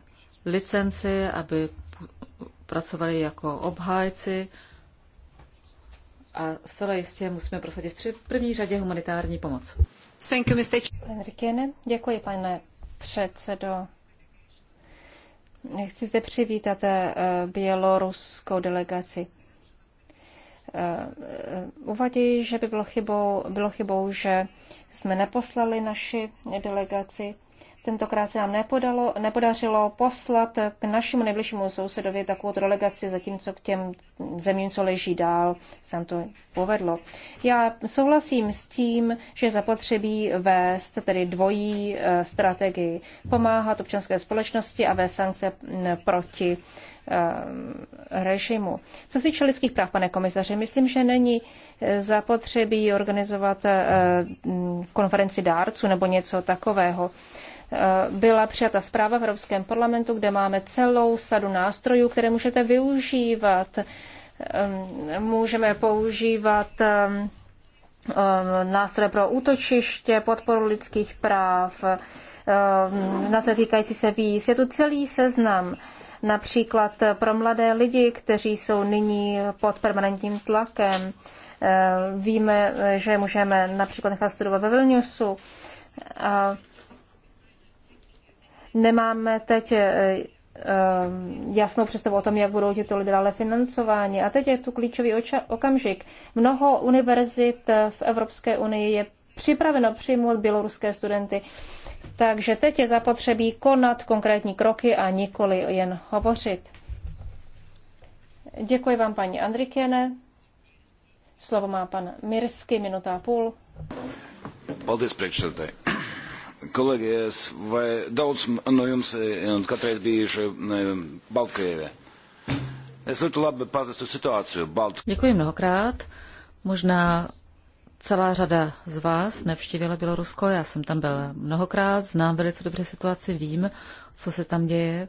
licenci, aby pracovali jako obhájci a zcela jistě musíme prosadit při první řadě humanitární pomoc. Děkuji, pane předsedo. Chci zde přivítat eh, běloruskou delegaci. Eh, eh, Uvadí, že by bylo chybou, bylo chybou, že jsme neposlali naši delegaci Tentokrát se nám nepodalo, nepodařilo poslat k našemu nejbližšímu sousedovi takovou delegaci, zatímco k těm zemím, co leží dál, se nám to povedlo. Já souhlasím s tím, že zapotřebí vést tedy dvojí eh, strategii, pomáhat občanské společnosti a vést sankce proti eh, režimu. Co se týče lidských práv, pane komisaři, myslím, že není eh, zapotřebí organizovat konferenci dárců nebo něco takového byla přijata zpráva v Evropském parlamentu, kde máme celou sadu nástrojů, které můžete využívat. Ehm, můžeme používat ehm, ehm, nástroje pro útočiště, podporu lidských práv, nástroje týkající se víz. Je tu celý seznam například pro mladé lidi, kteří jsou nyní pod permanentním tlakem. Víme, že můžeme například nechat studovat ve Vilniusu. Nemáme teď eh, eh, jasnou představu o tom, jak budou tyto lidé dále financováni. A teď je tu klíčový okamžik. Mnoho univerzit v Evropské unii je připraveno přijmout běloruské studenty. Takže teď je zapotřebí konat konkrétní kroky a nikoli jen hovořit. Děkuji vám, paní Andrikiene. Slovo má pan Mirsky, minuta a půl kolēģis, vai daudz no jums e, un katreiz bijuši e, Baltkrievē? Es ļoti labi pazistu situāciju Balt. Děkuji mnohokrát. Možná celá řada z vás navštívila Bělorusko, já jsem tam byla mnohokrát, znám velice dobře situaci, vím, co se tam děje.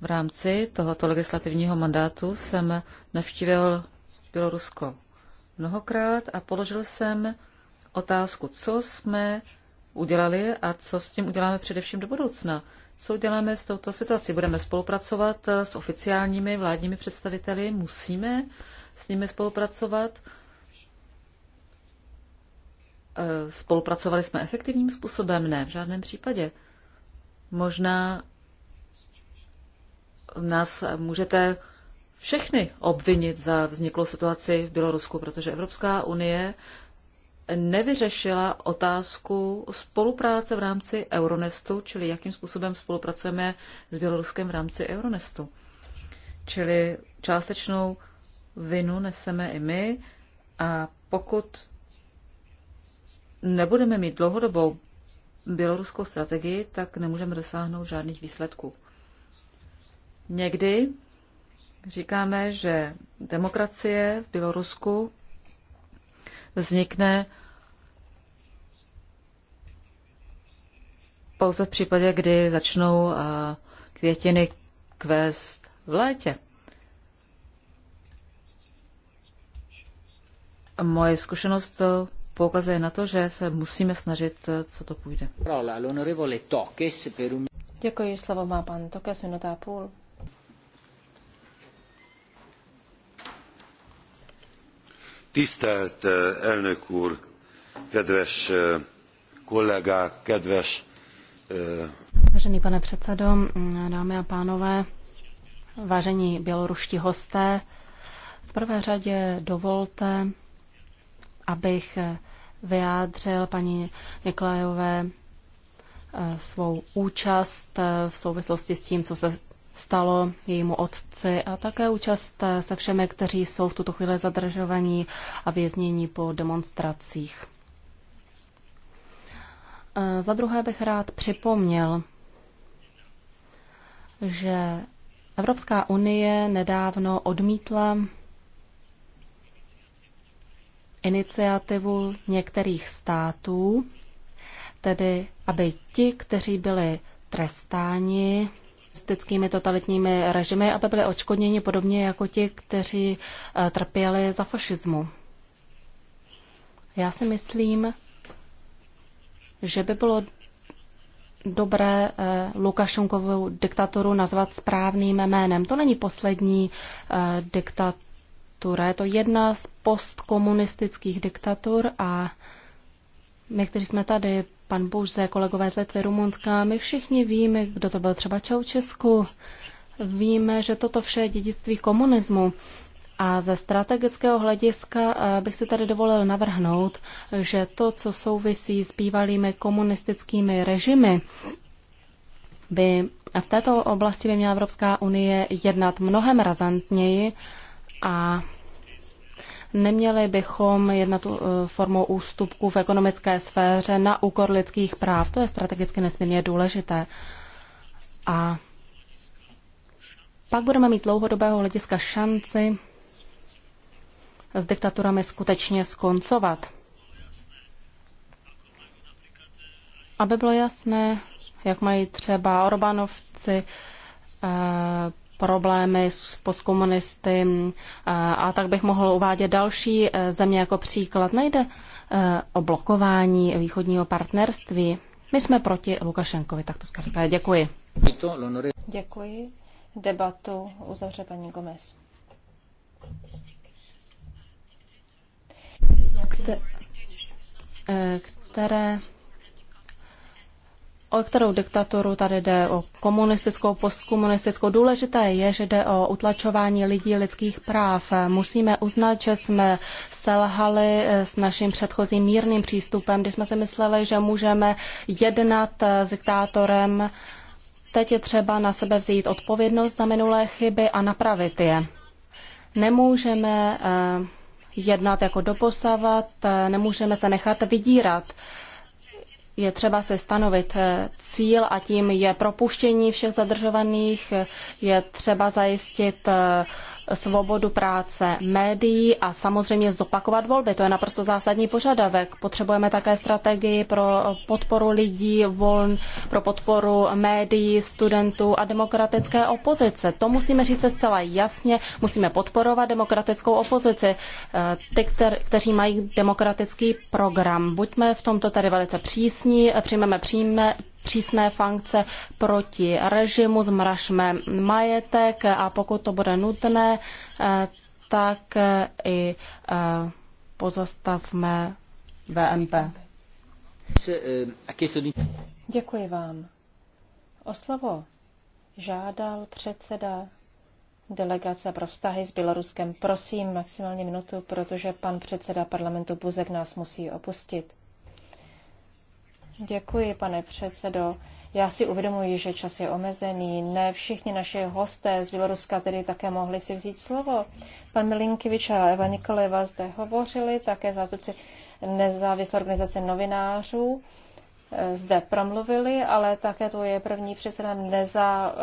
V rámci tohoto legislativního mandátu jsem navštívil Bělorusko mnohokrát a položil jsem otázku, co jsme udělali a co s tím uděláme především do budoucna. Co uděláme s touto situací? Budeme spolupracovat s oficiálními vládními představiteli? Musíme s nimi spolupracovat? Eh, spolupracovali jsme efektivním způsobem? Ne, v žádném případě. Možná nás můžete všechny obvinit za vzniklou situaci v Bělorusku, protože Evropská unie nevyřešila otázku spolupráce v rámci Euronestu, čili jakým způsobem spolupracujeme s Běloruskem v rámci Euronestu. Čili částečnou vinu neseme i my a pokud nebudeme mít dlouhodobou běloruskou strategii, tak nemůžeme dosáhnout žádných výsledků. Někdy Říkáme, že demokracie v Bělorusku vznikne pouze v případě, kdy začnou eh, květiny kvést v létě. Moje zkušenost to poukazuje na to, že se musíme snažit, eh, co to půjde. Děkuji, slovo má pan Tokes, minuta a půl. Tisztelt eh, elnök úr, kedves eh, kollégák, kedves... Eh, Vážený pane předsedo, dámy a pánové, vážení běloruští hosté, v prvé řadě dovolte, abych vyjádřil paní Nikolajové svou účast v souvislosti s tím, co se stalo jejímu otci a také účast se všemi, kteří jsou v tuto chvíli zadržovaní a věznění po demonstracích. Eh, za druhé bych rád připomněl, že Evropská unie nedávno odmítla iniciativu některých států, tedy aby ti, kteří byli trestáni, komunistickými totalitními režimy, aby byly odškodněni podobně jako ti, kteří eh, trpěli za fašismu. Já si myslím, že by bylo dobré eh, Lukašenkovou diktaturu nazvat správným jménem. To není poslední eh, diktatura, je to jedna z postkomunistických diktatur a my, kteří jsme tady, pan Bůže, kolegové z Litvy, Rumunska, my všichni víme, kdo to byl třeba Čaučesku. Víme, že toto vše je dědictví komunismu. A ze strategického hlediska eh, bych si tady dovolil navrhnout, že to, co souvisí s bývalými komunistickými režimy, by a v této oblasti by měla Evropská unie jednat mnohem razantněji a Neměli bychom jednat eh, formou ústupků v ekonomické sféře na úkor lidských práv. To je strategicky nesmírně důležité. A pak budeme mít dlouhodobého hlediska šanci s diktaturami skutečně skoncovat. Aby bylo jasné, jak mají třeba Orbánovci eh, problémy s postkomunisty mm, a tak bych mohl uvádět další e, země jako příklad. Nejde e, o blokování východního partnerství. My jsme proti Lukašenkovi, tak to zkrátka děkuji. Děkuji. Debatu uzavře paní Gomez. Kte- e, které o kterou diktaturu tady jde, o komunistickou, postkomunistickou. Důležité je, že jde o utlačování lidí lidských práv. Musíme uznat, že jsme selhali eh, s naším předchozím mírným přístupem, když jsme si mysleli, že můžeme jednat eh, s diktátorem. Teď je třeba na sebe vzít odpovědnost za minulé chyby a napravit je. Nemůžeme eh, jednat jako doposavat, nemůžeme se nechat vydírat je třeba se stanovit eh, cíl a tím je propuštění všech zadržovaných, je třeba zajistit eh, svobodu práce médií a samozřejmě zopakovat volby. To je naprosto zásadní požadavek. Potřebujeme také strategii pro podporu lidí, voln, pro podporu médií, studentů a demokratické opozice. To musíme říct zcela jasně. Musíme podporovat demokratickou opozici, eh, ty, kteří mají demokratický program. Buďme v tomto tedy velice přísní, eh, přijmeme přímé, přísné sankce proti režimu, zmražme majetek a pokud to bude nutné, eh, tak eh, i eh, pozastavme VMP. Děkuji vám. O slovo žádal předseda delegace pro vztahy s Běloruskem. Prosím maximálně minutu, protože pan předseda parlamentu Buzek nás musí opustit. Děkuji, pane předsedo. Já si uvědomuji, že čas je omezený. Ne všichni naše hosté z Běloruska tedy také mohli si vzít slovo. Pan Milinkivič a Eva Nikoleva zde hovořili, také zástupci nezávislé organizace novinářů eh, zde promluvili, ale také to je první předseda Neza,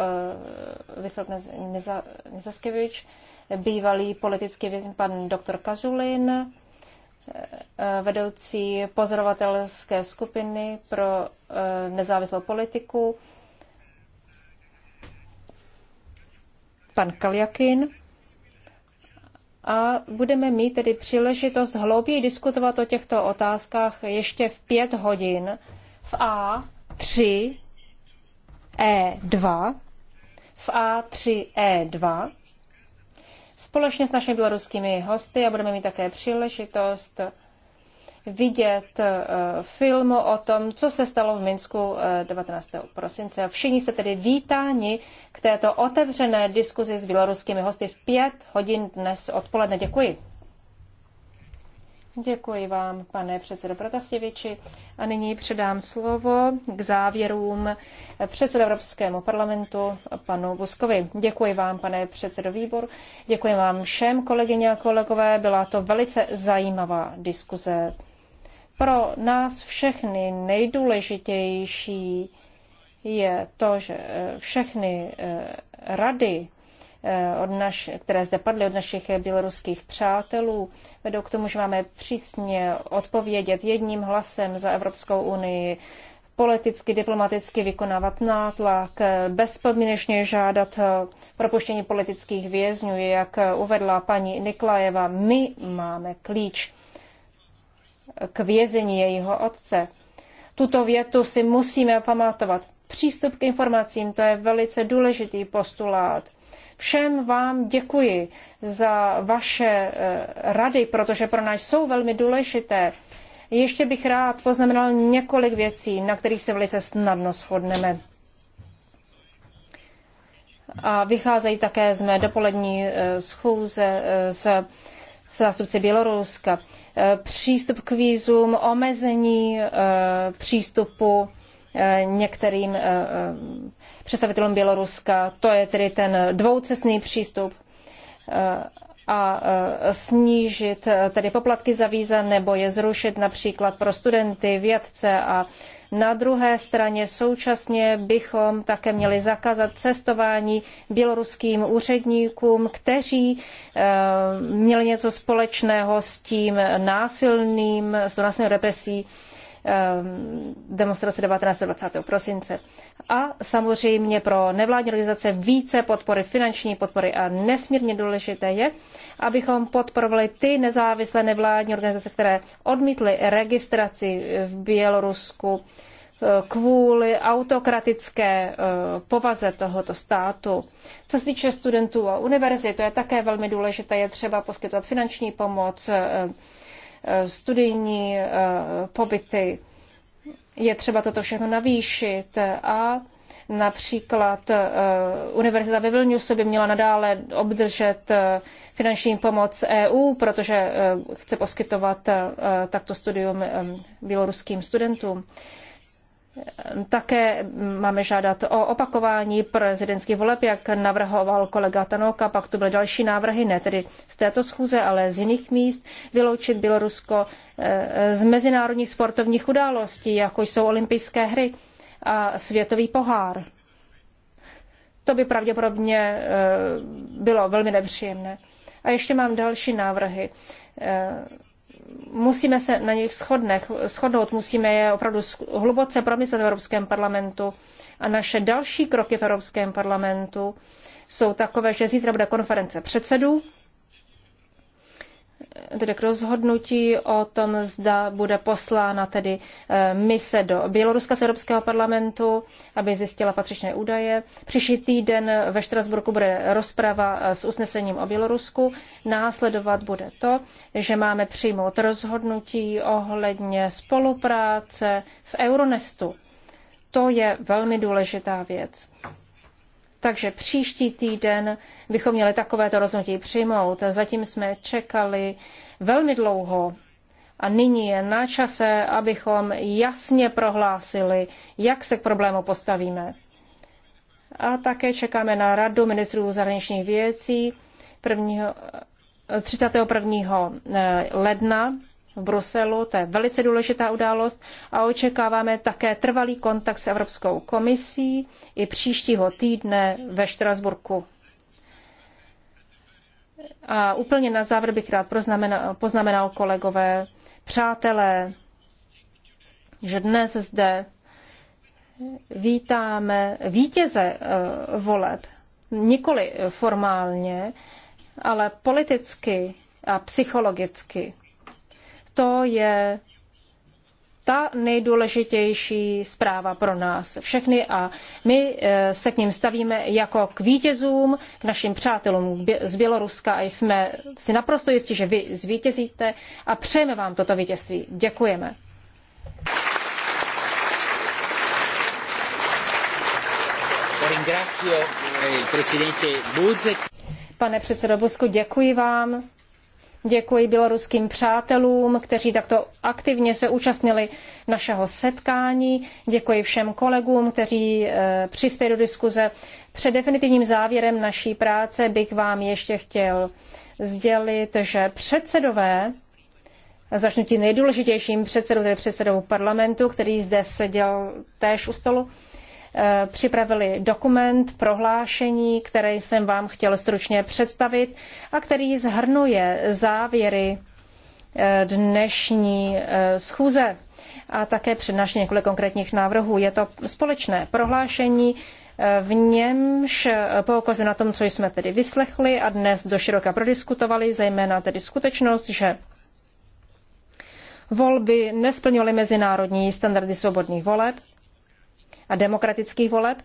eh, Vyslok Neza, Neza, bývalý politický vězň pan doktor Kazulin, Eh, vedoucí pozorovatelské skupiny pro eh, nezávislou politiku, pan Kaljakin. A budeme mít tedy příležitost hlouběji diskutovat o těchto otázkách ještě v pět hodin v A3 E2, v A3 E2 společně s našimi běloruskými hosty a budeme mít také příležitost vidět eh, film o tom, co se stalo v Minsku 19. Eh, prosince. Všichni jste tedy vítáni k této otevřené diskuzi s běloruskými hosty v pět hodin dnes odpoledne. Děkuji. Děkuji vám, pane předsedo Protasěviči. A nyní předám slovo k závěrům předsedo Evropskému parlamentu panu Buskovi. Děkuji vám, pane předsedo výboru. Děkuji vám všem, kolegyně a kolegové. Byla to velice zajímavá diskuze. Pro nás všechny nejdůležitější je to, že všechny eh, rady Eh, od naš, které zde padly od našich běloruských přátelů, vedou k tomu, že máme přísně odpovědět jedním hlasem za Evropskou unii, politicky, diplomaticky vykonávat nátlak, bezpodmínečně žádat eh, propuštění politických vězňů, jak uvedla paní Niklajeva. My máme klíč k vězení jejího otce. Tuto větu si musíme pamatovat. Přístup k informacím, to je velice důležitý postulát Všem vám děkuji za vaše eh, rady, protože pro nás jsou velmi důležité. Ještě bych rád poznamenal několik věcí, na kterých se velice snadno shodneme. A vycházejí také z mé dopolední eh, schůze eh, s zástupci Běloruska. Přístup k vízům, omezení přístupu Eh, některým eh, eh, představitelům Běloruska. To je tedy ten dvoucestný přístup a snížit tedy poplatky za víza nebo je zrušit například pro studenty, vědce a na druhé straně současně bychom také měli zakázat cestování běloruským úředníkům, kteří měli něco společného s tím násilným, s násilným represí Ehm, demonstrace 19. 20. prosince. A samozřejmě pro nevládní organizace více podpory, finanční podpory a nesmírně důležité je, abychom podporovali ty nezávislé nevládní organizace, které odmítly registraci v Bělorusku eh, kvůli autokratické eh, povaze tohoto státu. Co se týče studentů a univerzit, to je také velmi důležité, je třeba poskytovat finanční pomoc, eh, studijní eh, pobyty. Je třeba toto všechno navýšit a Například eh, Univerzita ve Vilniusu by měla nadále obdržet eh, finanční pomoc EU, protože chce poskytovat takto studium běloruským studentům. Také máme žádat o opakování prezidentských voleb, jak navrhoval kolega Tanoka, pak tu byly další návrhy, ne tedy z této schůze, ale z jiných míst, vyloučit Bělorusko eh, z mezinárodních sportovních událostí, jako jsou olympijské hry a světový pohár. To by pravděpodobně eh, bylo velmi nepříjemné. A ještě mám další návrhy eh, musíme se na nich shodnout, musíme je opravdu hluboce promyslet v Evropském parlamentu. A naše další kroky v Evropském parlamentu jsou takové, že zítra bude konference předsedů tedy k rozhodnutí o tom, zda bude poslána tedy eh, mise do Běloruska z Evropského parlamentu, aby zjistila patřičné údaje. Příští týden ve Štrasburku bude rozprava eh, s usnesením o Bělorusku. Následovat bude to, že máme přijmout rozhodnutí ohledně spolupráce v Euronestu. To je velmi důležitá věc. Takže příští týden bychom měli takovéto rozhodnutí přijmout. Zatím jsme čekali velmi dlouho a nyní je na čase, abychom jasně prohlásili, jak se k problému postavíme. A také čekáme na radu ministrů zahraničních věcí 1. Eh, 31. ledna v Bruselu, to je velice důležitá událost a očekáváme také trvalý kontakt s Evropskou komisí i příštího týdne ve Štrasburku. A úplně na závěr bych rád poznamenal, kolegové, přátelé, že dnes zde vítáme vítěze eh, voleb, nikoli formálně, ale politicky a psychologicky to je ta nejdůležitější zpráva pro nás všechny a my eh, se k ním stavíme jako k vítězům, k našim přátelům z Běloruska a jsme si naprosto jistí, že vy zvítězíte a přejeme vám toto vítězství. Děkujeme. Eh, Pane předsedo Busku, děkuji vám. Děkuji běloruským přátelům, kteří takto aktivně se účastnili našeho setkání. Děkuji všem kolegům, kteří eh, přispěli do diskuze. Před definitivním závěrem naší práce bych vám ještě chtěl sdělit, že předsedové začnu tím nejdůležitějším předsedou, tedy předsedou parlamentu, který zde seděl též u stolu, Eh, připravili dokument, prohlášení, které jsem vám chtěl stručně představit a který zhrnuje závěry eh, dnešní eh, schůze a také přednáší několik konkrétních návrhů. Je to společné prohlášení, v němž poukazuje na tom, co jsme tedy vyslechli a dnes doširoka prodiskutovali, zejména tedy skutečnost, že volby nesplňovaly mezinárodní standardy svobodných voleb a demokratických voleb.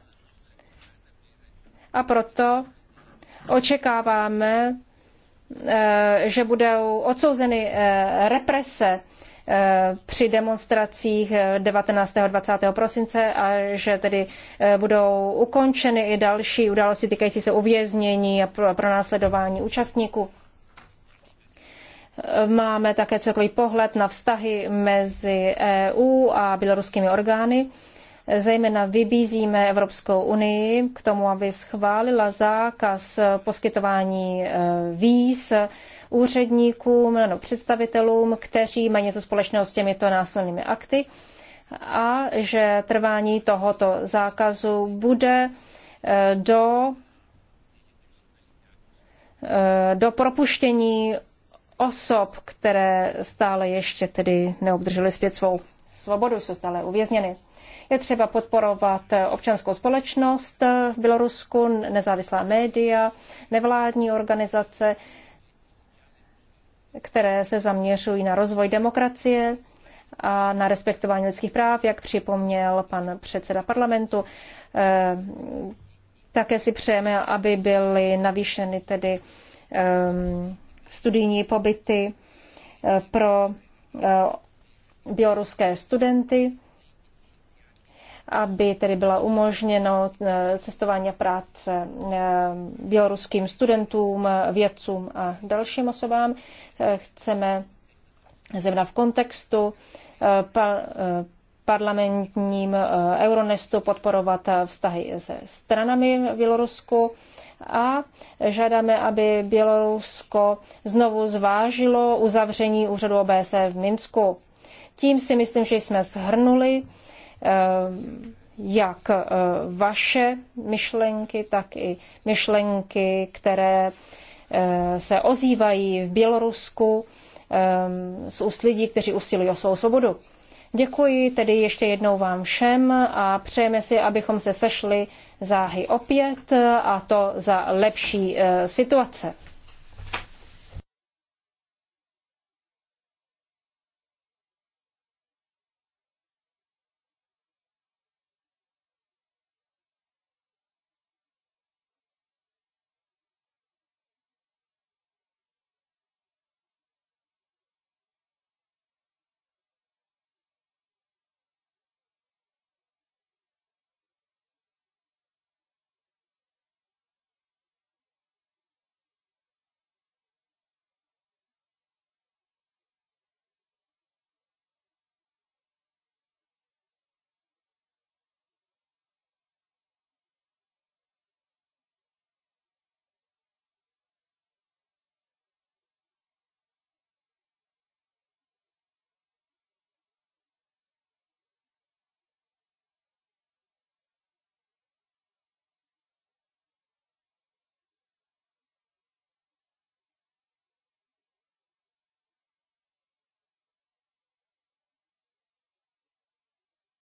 A proto očekáváme, eh, že budou odsouzeny eh, represe eh, při demonstracích 19. a 20. prosince a že tedy budou ukončeny i další události týkající se uvěznění a pronásledování účastníků. Máme také celkový pohled na vztahy mezi EU a běloruskými orgány. Zejména vybízíme Evropskou unii k tomu, aby schválila zákaz poskytování eh, víz úředníkům nebo představitelům, kteří mají něco společného s těmito násilnými akty a že trvání tohoto zákazu bude eh, do, eh, do propuštění osob, které stále ještě tedy neobdržely zpět svou svobodu, jsou stále uvězněny. Je třeba podporovat občanskou společnost v Bělorusku, nezávislá média, nevládní organizace, které se zaměřují na rozvoj demokracie a na respektování lidských práv, jak připomněl pan předseda parlamentu. Eh, také si přejeme, aby byly navýšeny tedy ehm, studijní pobyty eh, pro eh, běloruské studenty, aby tedy byla umožněno eh, cestování a práce eh, běloruským studentům, vědcům a dalším osobám. Eh, chceme zejména v kontextu parlamentním Euronestu podporovat vztahy se stranami v Bělorusku a žádáme, aby Bělorusko znovu zvážilo uzavření úřadu OBSE v Minsku. Tím si myslím, že jsme shrnuli eh, jak eh, vaše myšlenky, tak i myšlenky, které eh, se ozývají v Bělorusku z úst lidí, kteří usilují o svou svobodu. Děkuji tedy ještě jednou vám všem a přejeme si, abychom se sešli záhy opět a to za lepší situace.